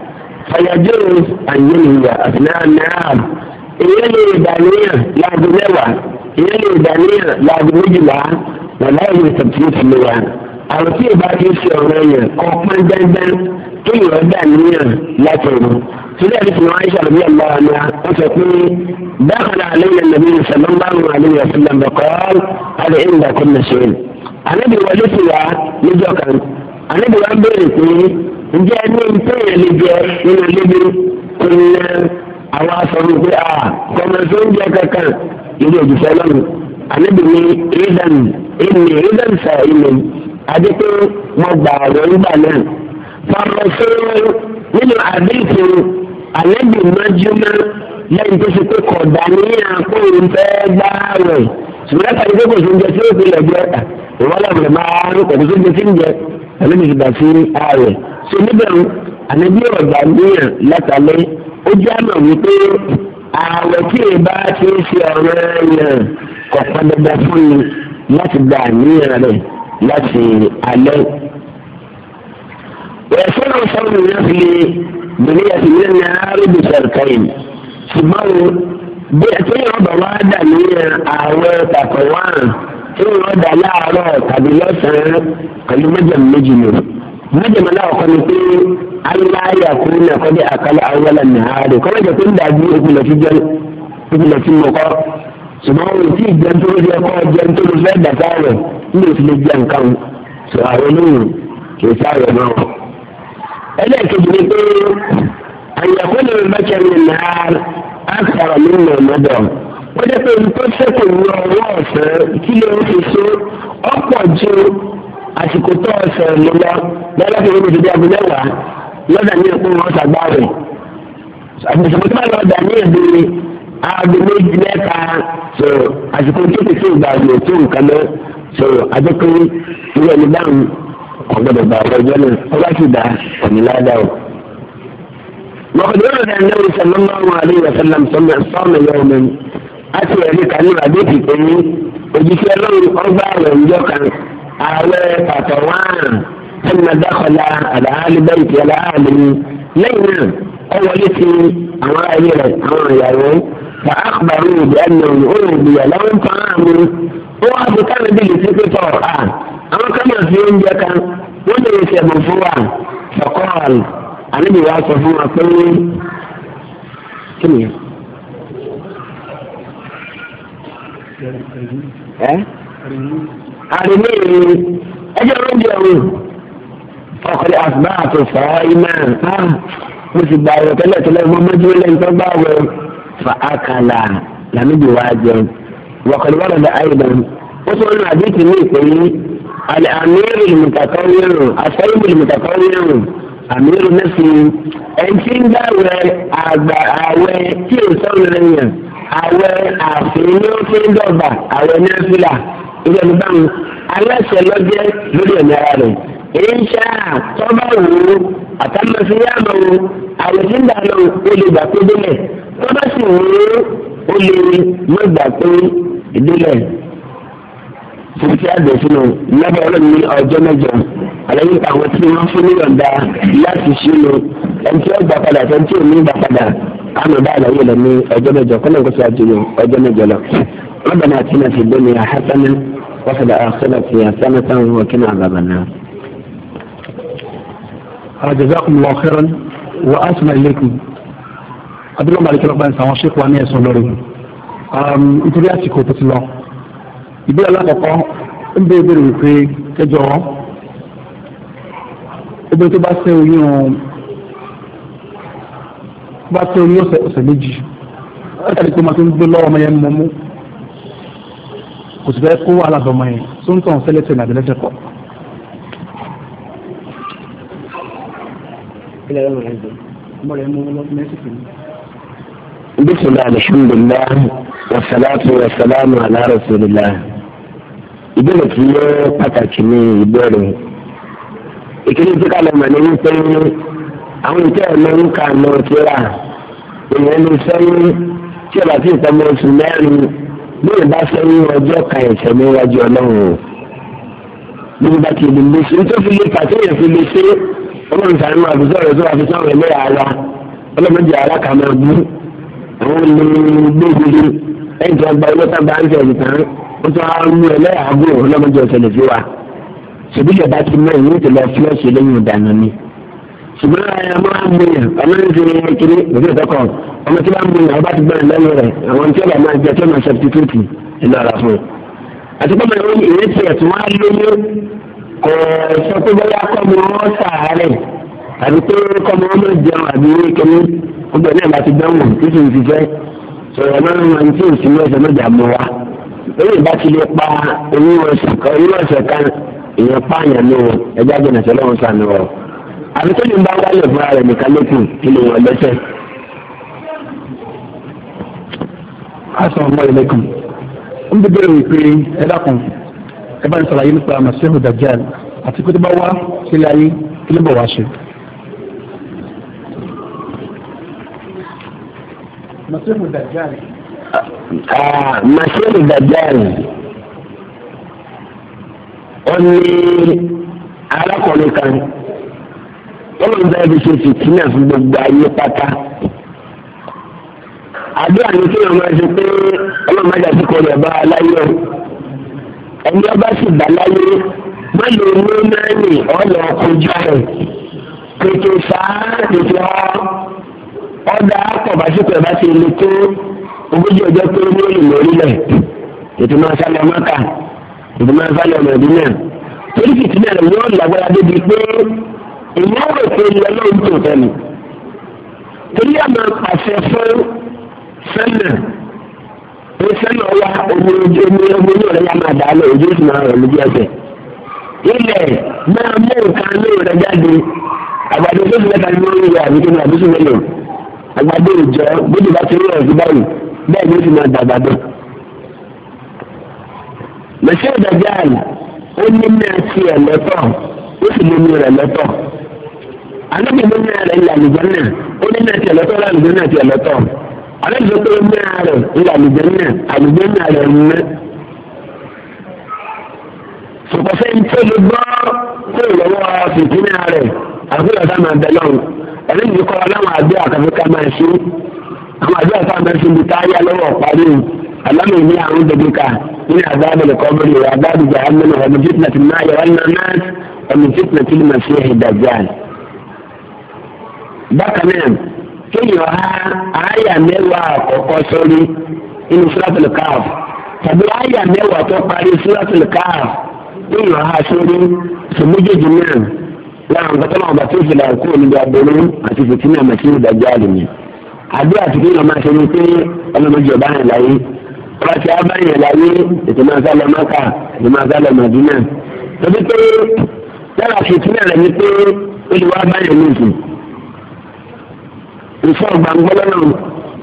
ọ̀yàjọ́rò àyẹ̀nìyà àfìnáàmìíràn ìyẹn lè dàníyàn láago mẹ́wàá ìyẹn lè dàníyàn láago méjìlá wọn láì lè tẹ̀tí ìfìlẹ̀ wa àwọn tí ìbá ti fi ọ̀rọ̀ yẹn ọ̀pọ̀ dandan tó yẹ ọ́ dàníyàn látọ̀rọ̀ sílẹ̀ ní sinimá aisha rabi allah ni a sọ pé dákàlà àlẹ́yìn nàbí sallallahu alayhi wa sallam bẹ̀kọ́ọ́l àti ìndà kọ́nà ṣe é. ànábì wọlé sí wa níjọ́ kan wa ń béèrè ǹjẹ́ ní ìtẹ̀yẹ̀ lè jẹ nínú lébi ọ̀nà àwọn asọ̀rọ̀ pé a kọ̀mọ̀sí oúnjẹ kankan ìlú òjìṣẹ́ lọ́nà àníbi ní ìdàn ìní ìdàn sà ìní àdìpé mo gbà ọ̀rọ̀ ńgbà náà kọ̀mọ̀sí nínú àdìsí àníbi mọ́júmọ́ lẹ́yìn tó ṣe pé kọ̀dà ní àpòyìn fẹ́ gbá rẹ̀ ṣùgbọ́n látàrí pé kò sí oúnjẹ tí ó fi lẹ̀ jẹ́ ìwọ́lọ́mọ̀ máa ń kọ̀kọ́ sí oúnjẹ tí ń jẹ àníbi ìgbà sí ààrẹ ṣe níbẹ̀ ń ànábí ọ̀gbà gbìyàn látàlẹ́ ó jẹ́ àmọ̀ wípé ààwẹ̀ tí ìbá ti ń ṣe ọ̀rọ̀ ẹ̀yàn kò pọn dandan fún mi láti gba àníyàn rẹ̀ láti alẹ́. ẹ̀fọ́ náà sọ̀rọ̀ ní fi lè bẹ̀rẹ̀ yàtí ní ẹ̀yà àrùbí ṣùgbọ́n bí ẹ̀tọ́ yẹn ọba wa dà ní ààwẹ̀ kàkọ́ wá tí wọ́n dà láàárọ̀ tàbí lọ́sàn-án pẹ̀lú mẹ́jọ méjì lòdì mẹ́jọba náà kọ́ ni pé aláya kú náà kọ́ ní àkàlà awọ́lá nàárẹ̀ kọ́ mẹ́jọ tó ń dàbí ìpìlẹ̀ tí mo kọ́ ṣùgbọ́n o tí ì jẹun tó ló yẹ kọ́ jẹun tó ló fẹ́ dàtà rẹ̀ ní o sì lè jẹ nǹkan sọ àwọn olóyún kìí sáré náà. ẹlẹ́ẹ̀kejì ni pé àyẹ̀kọ́ lè mẹ́kẹ́rin náà àkàrà mi nà mọ́dọ̀ ó dẹ́ pé nípa sẹ́kù ní ọwọ́ ọ̀sẹ̀ kí ló ń fi ṣe ọ̀pọ̀ àsìkò tó ọ̀sẹ̀ ló lọ lọ́lọ́dún yìí ló ti di aago mẹ́wàá lọ́dà ní ìpín wọn sàgbà rẹ̀ àsìkò tó bá lọ́dà ní ìdí aago méjì mẹ́ta so àsìkò tó ti fi ìgbà rẹ̀ tó nǹkan mọ́ so àdókò ìwé ẹni dáhùn ọ̀gbọ́dọ̀ gbà ọjọ́ náà ọba ti dà ọ̀nìládà o. وقد ورد النبي صلى الله عليه وسلم صام يوما أتي أبي كان يعدي في كني وجيت له أربع ويوكا ààrẹ pàtàwọ́n ẹnìmọ̀dákọ̀lá àdáhàlì bẹ́ẹ̀ ti aláhàlì ni lẹ́yìn náà ó wọlé sí àwọn ará ilé rẹ̀ àwọn ìyàwó fa àkùbárù ìdí ẹnu òun ìgbìyà lọ́wọ́n pa àmì ó wá fi káàdì lè fi pípọ̀ à àwọn kámà fi oúnjẹ kan wọ́n lè ṣe ẹ̀bùn fún wa fọkọ́ọ̀lù àníbi wa sọ fún wa pé kí ẹ àrùn ìrìn ẹjọ́ oúnjẹ òun ọkùnrin àgbà àtòfà iná náà mo sì gba ọ̀rọ̀ tẹ́lẹ̀ tẹ́lẹ̀ mo mọ́jú lẹ́yìn tó bá wẹ̀ fà ákàlà làmìbí wa jẹun wọ̀kọ̀lù wà lọ́dọ̀ àyèdàn ó tún rìn àdéhùn ní ìpè yìí àlẹ́ àmírù lùmùtàkọ́wérù àfẹ́yìmù lùmùtàkọ́wérù àmírù mẹ́sì ẹni tí ń dáwẹ̀ àgbà àwẹ̀ tí ò sọ̀rọ̀ lẹ́yìn àwẹ̀ àfẹ́yìmù tí ń dọ̀gbà àwẹ̀ ní irú ẹni báwọn aláṣẹ lọ́jẹ́ lórí ẹ̀mí ara rẹ̀ èyí ń ṣá tọ́ba òwúrú àtàmọ́síyàmọ́ àwòsíndàlọ́ olùgbà pé délẹ̀ tọ́ba sì wúrú ó lè mọ́gbà pé délẹ̀ tìrìtì àgbẹ̀ sínú lábẹ́ ọlọ́run ní ọjọ́ mẹ́jọ àlẹ́yìn àwọn tí wọ́n fún ní ọ̀dà láti ṣínú ẹni tí wọ́n gbà padà àti ẹni tí ò ní gbà padà àmì bá àlàyé lọ ní ọjọ́ mẹ́jọ kọ́nà kó sọ àjọyọ̀ ọjọ́ mẹ́jọ lọ. ربنا اتنا في الدنيا حسنه وفي الآخرة حسنة وقنا عذاب النار. جزاكم الله خيرا وأسمع إليكم. أدري ما عليك ربنا سوى الشيخ وأنا يسوع لوري. nítorí àsìkò tó ti lọ ìbéèrè alákọ̀ọ́kọ́ ń bẹ ìbéèrè wípé kẹjọ obìnrin tó bá ṣe oyún ọ̀hún bá ṣe oyún ọ̀sẹ̀ méjì látàrí pé màá tó ń gbé lọ́wọ́ ọmọ yẹn mọ́mú kò sì fẹ́ kó wàhálà bọ̀mọ̀ yẹn tó ń tàn fẹ́lẹ́sẹ̀ ní àdìlẹ́sẹ̀ kọ́. بسم الله الحمد لله والصلاة والسلام على رسول الله ìbéèrè tí yẹ pàtàkì ní ìbéèrè ìkíni tí kálọ̀ mọ̀ ní wípé àwọn ìtẹ́ ẹ̀ ló ń kà lọ́ọ́ tíra ìyẹn ló sẹ́yìn tí ọ̀bà tí ìtọ́mọ̀ oṣù mẹ́rin bí ìbá sẹ́yìn ọjọ́ kan ẹ̀sẹ̀ níwájú ọlọ́run o níbi bá ti lè lè ṣe tó fi lè pàṣẹ yẹn fi lè ṣe ọlọ́run sàánú àbùsọ̀ rẹ̀ tó wà fi sọ̀rọ̀ ẹ̀mẹ́rẹ̀ ara ọlọ́run jẹ́ ara kà máa bú àwọn lè gbégbé ẹ̀yìn tó gba ọlọ́ta bá ń sẹ̀lẹ̀ tán ó tún á mú ẹlẹ́yàá gbò ọlọ́run jẹ́ ọ̀sẹ̀ lè fi wa ṣèbí lè ti mọ ìwé ìtẹ̀lẹ́ fúlọ́ọ̀ṣì lẹ́yìn ìdáná ni ṣùgbọ́n àyà máa ń gbìyàn ọmọ ní ti kiri òfin ìtọ́kọ̀ ọmọ tí wọ́n ń gbìyàn ọba ti gbọ́n lẹ́nu rẹ̀ àwọn tí ọba máa jẹ tí wọ́n máa ṣàtìtìtì ìlú ara fún un. àti pé bẹ́ẹ̀ ni ìwé tiẹ̀ tí wọ́n á lóyún kò sọ pé bóyá kọ́mọ wọn sàárẹ̀ àbí pé kọ́mọ wọn máa jẹun àbí kíní gbogbo náà bá ti dánwò títí ti fẹ́ sọ̀rọ̀ náà wọn tí ò sí lọ́sẹ̀ mẹ́jà mọ́ wa lórí ìbá ti lè pa oníwọ̀sẹ̀ kan èèyàn pààyàn lóhùn ẹjọ́ àgbẹ̀nàṣẹ́ lọ́wọ́ sànù ọ̀rọ̀ àbí tó ní bá wálé fúnra rẹ̀ nìkan lókun kí ló wọ̀ lẹ́sẹ̀. asalaamu alaykum n bí bẹ́ẹ̀ wípé ẹ dákun ẹ bá ń sàlàyé nípa masihu dajjal àti kó tó bá wá sílé ayé kí ló bọ̀ wá ṣe. masihu dajjal. Ah, masihu dajjal ó ní arákùnrin kan wọ́n ń bẹ́ẹ̀ bí ṣe fìtínà fún gbogbo ayé pátá. àdúrà ni kí wọ́n máa ṣe pé ọlọ́mọ ajá sí kọlẹ̀ bá a láyé o. ẹni ọba sì bá láyé má lè ní mẹ́rin ọ̀lọ́ kojú rẹ̀. pètè sáà tètè ọ́ ọ̀dà àpọ̀básíkọ̀ ẹ̀bá ti lè tó ogójì ọjọ́ pé ní ìlú orílẹ̀ ètò máa sálẹ̀ ọmọkà ètò máa sálẹ̀ ọmọ ìdílé torí fìtínà rẹ̀ yóò lágbára débi pé ìyẹn rò pé ilẹ̀ lóun tó bẹ́ẹ̀ ni torí àmọ́ pàṣẹ fún sẹ́nà ní sẹ́nà wa omi ojú omi omi yóò rẹ̀ yá máa dà á lọ ojú ìsìn máa rọ̀ lójú ẹsẹ̀ ilẹ̀ máa mú nǹkan lóò rẹ̀ jáde àgbàdo tó ti lẹ́ta ní wọ́n ń àbí kíni àbí sùn lẹ́nu àgbàdo ìjọ bójú bá ti rí ẹ̀sìn báyìí bẹ́ẹ̀ ni ó sì máa dàgbà dùn. mẹ̀sẹ̀ ìdájọ́ àlè ó ní mẹ́ẹ̀ẹ́sì ẹ̀ lọ́tọ̀ ó sì lé ní rẹ̀ lọ́tọ̀ alẹ́ mi náà rẹ̀ ńlá àlùjọ náà ó ní náà tiẹ̀ lọ́tọ̀ àlùjọ náà tiẹ̀ lọ́tọ̀ alẹ́ mi tó náà rẹ̀ ńlá àlùjọ náà àlùjọ náà rẹ̀ ń ná. sọ̀kọ̀fẹ́ ń tó lè gbọ́ kó ìlọ́wọ́ fìtínà rẹ̀ àfihàn sáà máa bẹ lọ́rùn ẹ̀rí mi kọ́ láwọn àdé àkàfi ká máa ṣe àwọn àdé àkàfi máa ṣe ibi tá a yá lọ́wọ́ parí alámi ní àwọn dèbíkà ní àdáàbò lè kọ́ bẹ̀rẹ̀ wà àdáàbò jẹ́ ti máa yẹ wọn náà ọ̀mì fitna ti lè máa ṣe ìdàgbà bákan náà kéèyàn ha àáyà mẹ́wàá àkọ́kọ́ sórí inú suratul Kahf tàbí àáyà mẹ́wàá tó parí suratul Kahf kéèyàn ha sórí sòmójèjì náà láwọn nǹkan tó náà bá tó fi là kú omi gbàgbóró àti fìtínà àmàtí ìdájọ́ àlùmí. àdúrà tí kéèyàn máa ṣe ni pé ọlọ́mọdé ọba yẹn láyé ọba tí a bá yẹn láyé ètò máa sálọ Mẹ́kà ètò máa sálọ Mẹdínà. tọ́jú pé ìfẹ́ gbàngbọ́lọ́ náà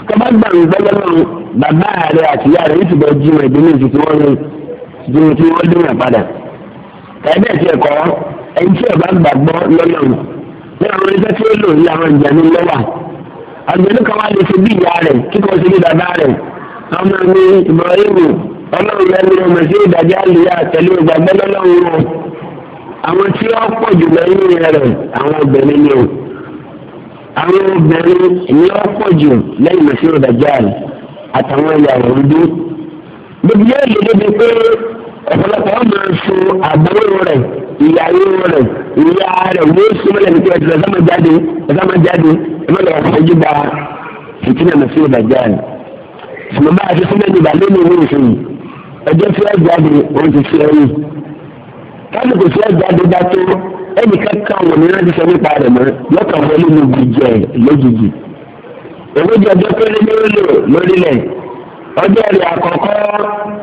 tọ́ba gbàngbọ́lọ́ náà bàbá rẹ̀ àti ìyá rẹ̀ yìí ti bọ̀ jí wọn ìdílé ti ti wọ́n ní ti ti wọ́n dín yàn padà. ẹ̀ẹ́dẹ̀ tiẹ̀ kọ́ ẹni tí ọba gbàgbọ́ lọ́nà ní àwọn iṣẹ́ tí ó lò ní àwọn ìjànú lọ́wà àgbẹ̀lú kan wá lè fi bí ìyá rẹ̀ kí kò sí bí bàbá rẹ̀ ọmọ mi Ibrahimu ọlọ́run lẹ́nu ọmọ sí ìdájọ́ àlùyá tẹ̀lé ìgbàgbọ́ lọ́lọ́run o àwọn tí wọ́n pọ̀ ni o àwọn obìnrin ni wọ́n pọ̀ jù lẹ́yìn mẹ́sìn ìdàjàl àtàwọn ilẹ̀ àwọn ọdún. bíbí yóò lè débi pé ọ̀pọ̀lọpọ̀ wọn máa fo àbúrò rẹ̀ ìyàwó rẹ̀ ìyá rẹ̀ wọ́n súnmọ́lẹ̀ nípa ẹ̀sìn ẹ̀sàmájáde ẹ̀sàmájáde ẹ̀mọ́lẹ̀ wà fojú ba ìtìlẹ̀ mẹ́sìn ìdàjàl. ṣùgbọ́n bá a ti fún mẹ́ni ìbàlẹ́ ní ìwé ìfẹ́ yìí ọjọ́ tí wọ́n ti fi ẹ̀yìn. káàdì kò fi ẹ̀ dá tó ẹnìkan kan wò ní láti sọ nípa rẹ̀ mọ́ lọ́kàn wọlé ní gbìjẹ lójijì òwúdi ọjọ́ péré ní ó lò lórílẹ̀ ọjọ́ rẹ̀ àkọ́kọ́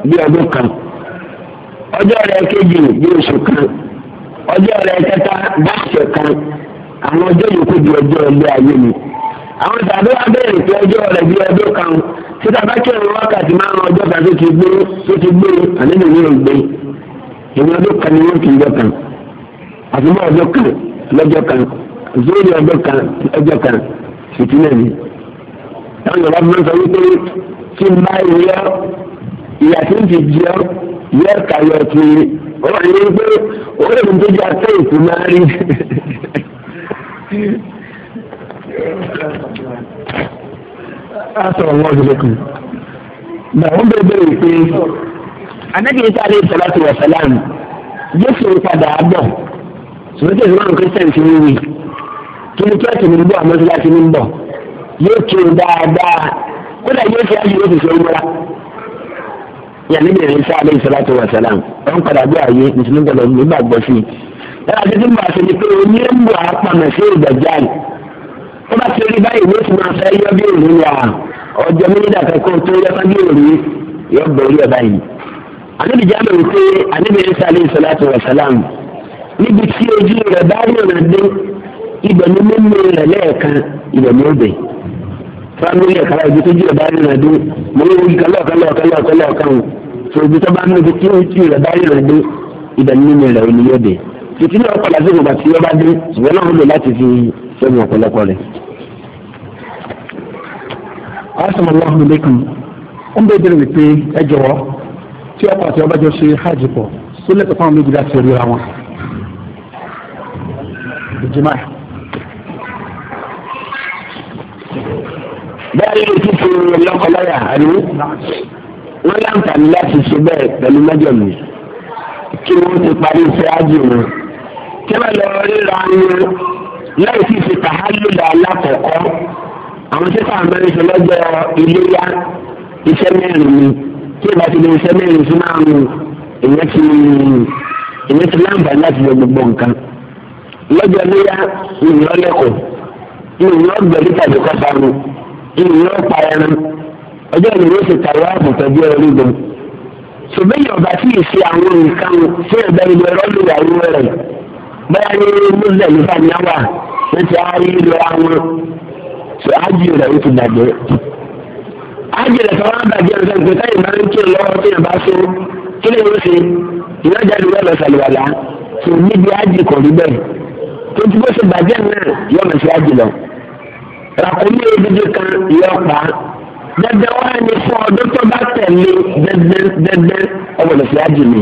bí ọdún kan ọjọ́ rẹ̀ kejì bí oṣù kan ọjọ́ rẹ̀ kẹta bí ọ̀sẹ̀ kan àwọn ọjọ́ yòókù di ọjọ́ ilé ayé mi àwọn tàbí wá bẹ̀rẹ̀ pé ọjọ́ rẹ̀ bí ọdún kan títa bá kẹrin wákàtí márùn ọjọ́ kan tó ti gbé tó ti gbé àníbi ní ògbé ìwé ọdún kan ni wọ́n kì í jọ kan àti bí ọjọ́ kan lọ́jọ́ kan zoro ọjọ́ kan lọ́jọ́ kan fìtínà ni táwọn yorùbá fi máa ń sọ wípé tí n bá yọ ìyá tí ń fi jẹ yọ kàyọ ti ó wà ní wípé ó lè tó jẹ afẹ́ ìkú máa rí. a sọ̀rọ̀ wọn ọdún lẹ́kùn. bàbá ń bẹ̀rẹ̀ bẹ̀rẹ̀ pé anabi isa aleyhi salatu wa salam jésù padà bọ̀ ṣùgbọ́n tí ìsìlámù kristian ti wí torí kẹ́ẹ̀tì ní bọ́ àmọ́ síláṣí ní bọ̀ yóò kí o dáadáa kódà yóò fi ayé yóò fi fi ọmọ wa yàrá níbi ìrìn sáà lẹ́yìn sọlá tó wà sálàm wọn padà bí ààyè mùsùlùmí gbọ́dọ̀ nígbà gbọ́ sí i yàrá títí máa ṣe ni pé oní ń bọ̀ apamọ̀ sí ìdàjáì tó bá ti rí báyìí wọ́n ti máa fẹ́ yọ bí òní wa ọjọ́ mílíọ̀dà kankan tó yọ bí òní yọ bẹ̀rẹ̀ báyìí àníbi jáde wípé àníbi sáà lẹ́yìn sọlá tó wà sálàm níbi tí ojú rẹ̀ bá rìnrìn dé ibẹ̀ ni mímú rẹ̀ lẹ́ẹ̀kan ibẹ̀ ni ó bẹ̀. fámìlì ẹ̀ka láì ibi tó jù rẹ̀ bá rìnrìn dé mo ní ojú kan lọ́ọ̀kan lọ́ọ̀kan lọ́ọ̀kan lọ́ọ̀kan o tó ibi tó bá mú ibi tí ojú rẹ̀ bá rìnrìn dé ibẹ̀ ni mímú rẹ̀ ni yóò bẹ̀. títí náà padà sí ìgbà tí ó bá dé ṣùgbọ́n náà ó lò láti fi sẹ́gun ọ̀pọ̀lọpọ̀ rẹ̀. asalaamu alaykum ó ìjìmá. bẹ́ẹ̀ ni ti fi lọ́kọ̀láyà àní wọ́n láǹfààní láti ṣe bẹ́ẹ̀ pẹ̀lú mẹ́jọ̀mí kí wọ́n ti parí iṣẹ́ ájì wọn. kí wọ́n lọ ríra ní láì sì ṣe tàhálùlà alákọ̀ọ́kọ́ àwọn tí sáà mẹ́rin ṣe lọ́jọ́ iléyá iṣẹ́ mẹ́rin ni tí ìbá ti di iṣẹ́ mẹ́rin sí márùn-ún ìyẹn ti ìyẹn ti láǹfààní láti lọ gbogbo nǹkan lọ́jọ́ léyà ìyàn lẹ́kọ̀ọ́ ìyàn gbẹ̀lú tàbí kọ́sàmù ìyàn pààyàn ọjọ́ ìlú ṣe tàwọn àbùtọ́jú orígun. ṣùgbọ́n ọba tí ì ṣe àwọn nǹkan ṣé ẹ̀bẹ̀ ìlú ẹ̀rọ lè wà wúwo rẹ̀ bóyá ní mùsùlùmí nípa níyàwó ní ti ayé lọ àwọn ṣe ájì rẹ̀ ó ti bàjẹ́. ájì rẹ̀ sọ wá bàjẹ́ rẹ̀ sọ pé táyì máa ń tí tó ti bó ṣe bàjẹ́ náà yọ mọ̀ sí àjùlọ. ràkúnmí odidi kan yọ pa dandan wá ní fún ọdún tó bá tẹ̀lé dandan dandan ọmọdé sí àjùlọ.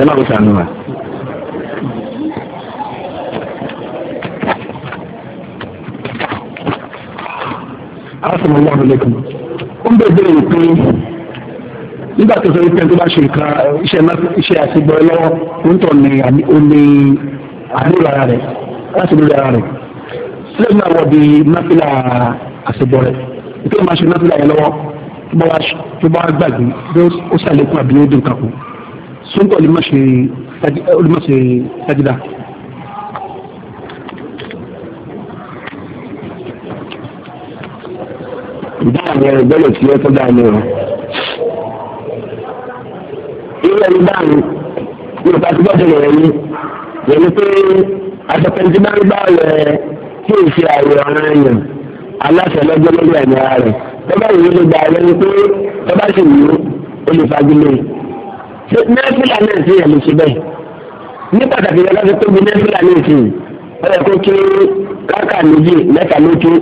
ẹ má kó sànù wa. Assalamu alaikum. Ó ń bẹ̀rẹ̀ pé nígbà tó sọ wípé tó bá ṣe nǹkan iṣẹ́ àṣegbọ́ lọ́wọ́ ń tọ̀ ní àbúrò ara rẹ̀ láti lórí ara rẹ̀ sílẹ̀ náà wọ̀ di náfìlà àṣegbọ́ rẹ̀ ìpè máa ṣe náfìlà yẹn lọ́wọ́ tó bá gbàgbé bí ó ṣàlékún àbí ó dín kakú sóńtọ̀ lè má ṣe tajida. ìdáhùn ẹ̀rọ ìgbẹ́lẹ̀ tí ó tó dáa ní ìwé ẹni dáhùn yóò fà síbọ̀dọ̀ rẹ̀ yìí yẹnu pé asọ̀pẹ̀ntì bá ń gbà rẹ̀ tí ì ṣe àwẹ̀ ọ̀ràn yẹn aláṣẹ lọ́jọ́ lórí ẹ̀mí rẹ̀ tọ́ba ìwé ló gba ẹ̀rọ ni pé tọ́ba sì wù ú ó lè fagilé nẹ́fìlà náà sì yẹ̀ lè ṣe bẹ́ẹ̀ ní pàtàkì yẹn láti tóbi nẹ́fìlà náà sì ó yẹ kó kí káàkà méjì mẹ́ta lókè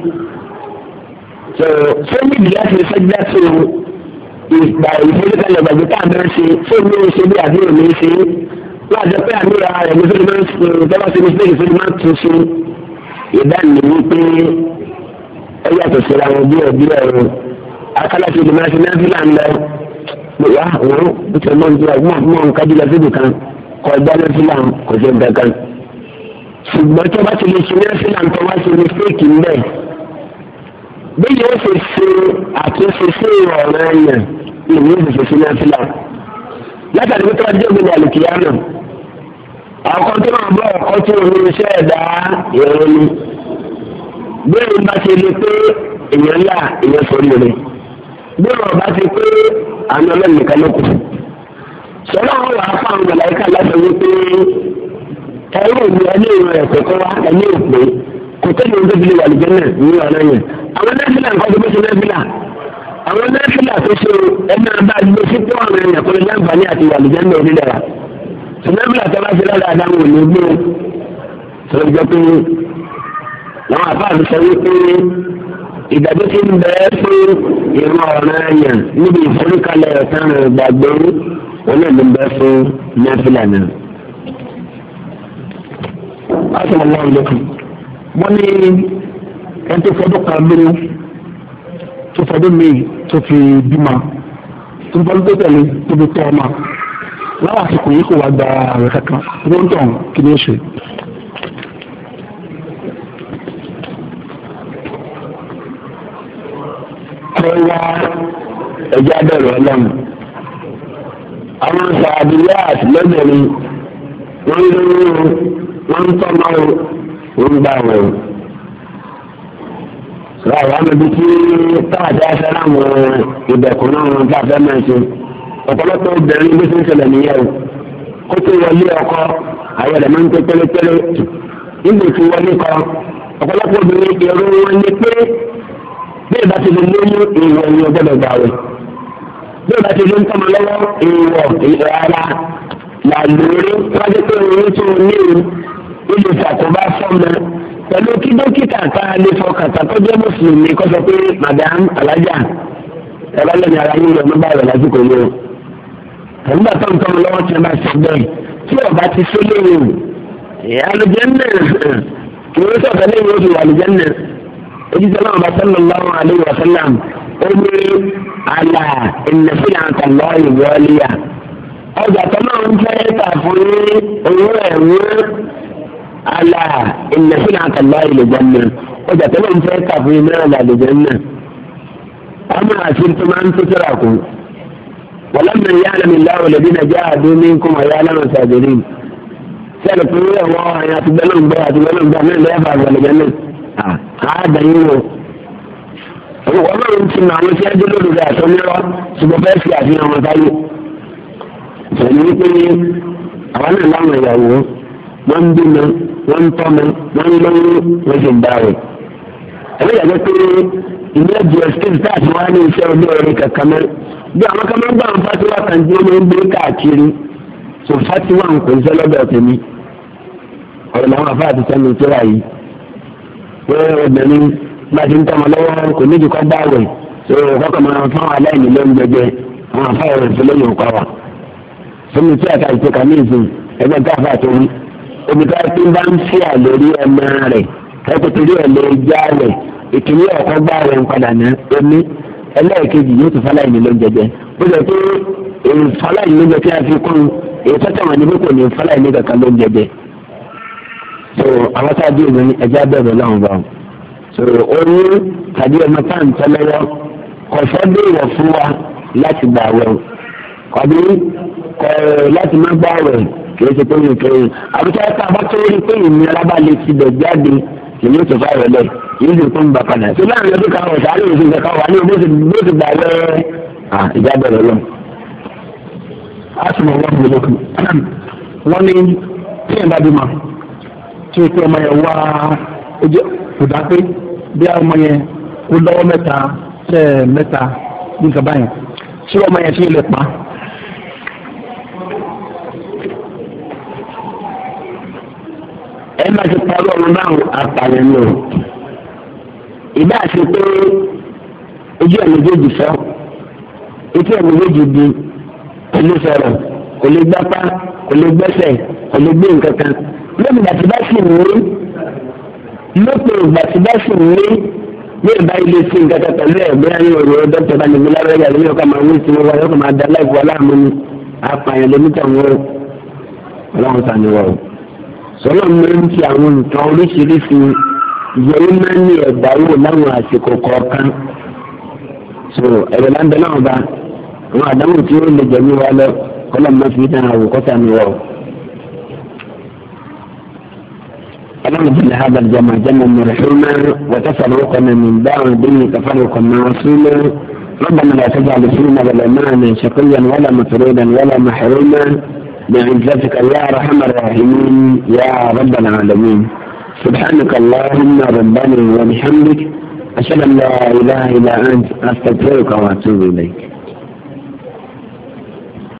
so sẹ́yìn ìdílé àti ìfẹ́jì ìgbà ìforíkalẹ̀ ìgbàgbé tá a máa ń ṣe fóònù ní ṣe bí àbí òní ṣe láti pé àmì ìyá rẹ̀ ní fúnni máa ń sùn tọ́lá sí ní sílẹ̀ fúnni máa ń tún sí ìdánimí pé ẹ yàtọ̀ síra wọn bí ẹbí ẹ̀rọ akálàtì ìdí máa ṣe náà fi láàmì lọ wá wọn bí tí wọn ti wọn fún wọn kájú lọ síbi kan kọ ẹgbẹ́ náà fi láàmì kò sí nǹkan kan ṣùgbọ́n tí wọ́n bá ti lè ṣe náà fi láàmì tó wá ṣe mistake ń bẹ̀ bí yóò ṣe ṣe àtúnṣe sí ìrọ̀rùn ẹ̀yàn ìní ìfẹsẹ̀ sí náà sílẹ̀ látàrí pé tọ́jú ìgbìmọ̀ àlùkìyàmù ọkọ tó máa bọ̀ ọkọ tí omi iṣẹ́ ẹ̀dá ìrún ni bẹ́ẹ̀ bá ti lè pé èèyàn ńlá èèyàn sọ lóore bẹ́ẹ̀ ọba ti pé àmì ọlọ́run nìkan ló kù sọlá wọn wà á fún àwọn mọ̀láyíkà láti wí pé ẹ̀rọ òbí ẹni ìrún ẹ̀kọ́ kọ́ wa ẹni òpè kò tẹ́lẹ̀ ń débi lè wà lùjẹ́ náà ní ọ̀nà yẹn àwọn ẹlẹ́bìlà àwọn náfìlà tó ṣe ẹni àbá gbé sípò ọ̀rọ̀ ẹ̀yàn kọ́ni láǹfààní àti ìyàlùjẹ́ ní orí dára sùnáfìlà tó bá fi lára àdáwò ní gbé sọ̀rọ̀ jẹ́ pé àwọn àbáàbí sọ wípé ìdájọ́ ti ń bẹ́ẹ̀ pé ìran ọ̀rọ̀ ẹ̀yàn níbi ìforíkalẹ̀ ọ̀sán ìgbàgbé wọn náà ló ń bẹ́ẹ̀ fún náfìlà náà. wọ́n ní ẹni tó fọdún tó fọdún míì tó fi bímọ tó fọdún tó tẹ̀lé tó fi tọ́ ọmọ láwọn àsìkò yìí kò wá gba àwẹ̀ kankan ló ń tàn kí ni ó ṣe. kọ́wá ẹja bẹ̀rù ọlọ́run àwọn sàbíyá àtìlẹ́bẹ̀rin wọ́n ń lóyún wọ́n ń tọ́ náà wọ́n ń gbà wọ́n láyé amẹ́bí tí táàtì asálámù ìbẹ̀kùn náà wọn tá a fẹ́ máa ṣe ọ̀pọ̀lọpọ̀ obìnrin bí sínú ṣẹlẹ̀ nìyẹn o kó tó wọlé ọkọ àwọn ẹ̀rẹ̀ máa ń tó pẹ́lẹ́pẹ́lẹ́ nígbà tó wọlé kọ ọ̀pọ̀lọpọ̀ obìnrin èrò wọn ni pé bí ìbá ti lè lóyún ìwọ ìwọ gbọdọ̀ gbà wẹ̀ bí ìbá ti lè ń tọ́mọ lọ́wọ́ ìwọ ara làlórí wájú pé òun tó ní ìlú ìlú ìfàkùnbá fọ́ọ̀mù pẹ̀lú kí dókítà tá a lè fọkàn tán tó jẹ́ mùsùlùmí kó sọ pé madam alájà ẹ̀rọ lẹ́nu ara yín lọ́mọ bá rẹ̀ lásìkò yìí o àdúgbò tó ń tọ́ lọ́wọ́ tí a bá ṣe bẹ́ẹ̀ tí ọba ti ṣe léwu àlùjẹ́nà kì í sọ̀tọ̀ léwu oṣù àlùjẹ́nà ojúṣe náà bá sọ́nà lọ́wọ́ àlejò ọ̀sánlám ó ní àlà ìnàfíà àtàlọ́ ala ìnàfínà àtàlá ìlẹ̀jẹ̀nà ọjà tó lóun fẹ́ kà fún iná àlà ìlẹ̀jẹ̀nà ọmọ àti tó máa ń tuntun àkó wàlámà ìyá àlàmì ìlàwọ̀ lẹ́bí nàjà àdúmí kọ́mọ ayé alámà sàgẹ̀rì sẹ́ni fún yẹ̀ wọ́n àyàn àtúgbẹ́lóńgbẹ́ àtúgbẹ́lóńgbẹ́ àmì ìlẹ́yà bàbá ìlẹ̀jẹ̀nà àádàáyé wọ̀ ọlọ́run ti nà àwọn tí a dé lórí rẹ̀ àtọ́ nírọ́ ṣùgbọ́n bẹ́ẹ̀ fi àfihàn wọn báyìí. sọ̀rọ̀ ní pé àwọn náà láwọn ìyàwó wọ́n ń bímọ wọ́n ń tọ́mọ wọ́n ń lọ́wọ́ wọ́n sì ń bá rẹ̀. ẹ̀rọ yàgbẹ́ pé ìlú ẹ̀jẹ̀ state tax wá ní iṣẹ́ ọdún ọ̀rẹ́ kankan mọ́ bí àwọn kan máa ń gbà wọn fatiwa kan tí wọ́n ń gbé káàkiri tó fatiwa ń kò iṣẹ́ lọ́dọ̀ tèmi ọ̀rọ̀ làwọn afá àti sẹ́mi tó rà yìí wọ́n obìnrin bá ti ń tọ́mọ lọ́wọ́ kò ní ìdíkọ́ bá wẹ̀ tó kọ́kọ́ máa fáwọn aláìní obìtá tí bá ń fi àlórí ọmọ rẹ̀ ẹ̀kọ́tẹ̀rí ẹ̀ lè já rẹ̀ ìkíní ọ̀kọ́ gbá rẹ̀ ń padà ná omi ẹlẹ́ẹ̀kejì yóò tún fọláìní ló ń jẹjẹ ó jẹ pé èyí fọláìní ló jẹ a fi kún èyí tọ́tà wọn níbi kò ní fọláìní kankan ló ń so àwọn sáájú ni ẹ̀jẹ̀ abẹ́rẹ́ lọ́wọ́ bá wọn. so oyún tàbí ọmọ táǹtẹ́ lọ́wọ́ kọ̀fẹ́ béèrè fún wa láti gbà wẹ̀ kọ̀bí láti má gbà wẹ̀ kì í ṣe pé nìkan yìí àbíkẹ́ ẹ̀ka bá tó rí pé ìnira bá lè ti bẹ̀ jáde èmi ò tó fà rẹ̀ lẹ̀ yìí sì tún bàbá ṣé láàrin ọdún kan ọ̀sán àlè òṣèlú kan wà ní o bó ti gbà wẹ́ ìjábẹ̀ rẹ̀ lọ. a sì mọ̀ wọ́n gbogbo kan wọ́n ní tí ẹ̀ bá bí ma tí o pé ọmọ yẹn wá kò dá pé bí ọmọ yẹn kó lọ́wọ́ mẹ́ta sẹ́ẹ̀ mẹ́ta ní kaba yẹn ṣé ọmọ yẹn ṣe lè pa ẹ má ti pa ọlọ́run báwọn apààyàn nù. ìbá àti pé ojú ẹ̀ méjèèjì fọ́ etí ẹ̀ méjèèjì di olú sọ̀rọ̀ kò lè gbápá kò lè gbẹ́sẹ̀ kò lè gbé nǹkan kan lópin ìgbà tí bá sì ń rí lópin ìgbà tí bá sì ń rí ní ìbá ilé sí nǹkan kan pẹ̀lú ẹ̀ bóyá ní ọ̀rọ̀ dókítà bá nìgbé lábẹ́rẹ́ yàrá yóò ká máa wí sí wọn wáyé ó kà máa da láìpẹ́ ọlá àmúni apààyàn lónítàn wọn ọlọ́run sàníwọ̀ o sọlọ máa ń fi àwọn nǹkan oríṣiríṣi yẹ̀wò máa ń ní ẹ̀gbá wò láwọn àsìkò kọ̀ọ̀kan so ẹ̀rọ láńbẹ́ náà bá àwọn àdáwò tí ó lè jẹ̀mí wa lọ kọ́lá máa fi dáhà wò kọ́sà mi wọ̀. اللهم جل هذا الجمع جمع مرحوما وتفرقنا من بعد تفرقا رسولا ربنا لا تجعل فينا ولا معنا شقيا ولا مفرودا ولا محروما بعزتك يا رحم الراحمين يا رب العالمين سبحانك اللهم ربنا وبحمدك أشهد أن لا إله إلا أنت أستغفرك وأتوب إليك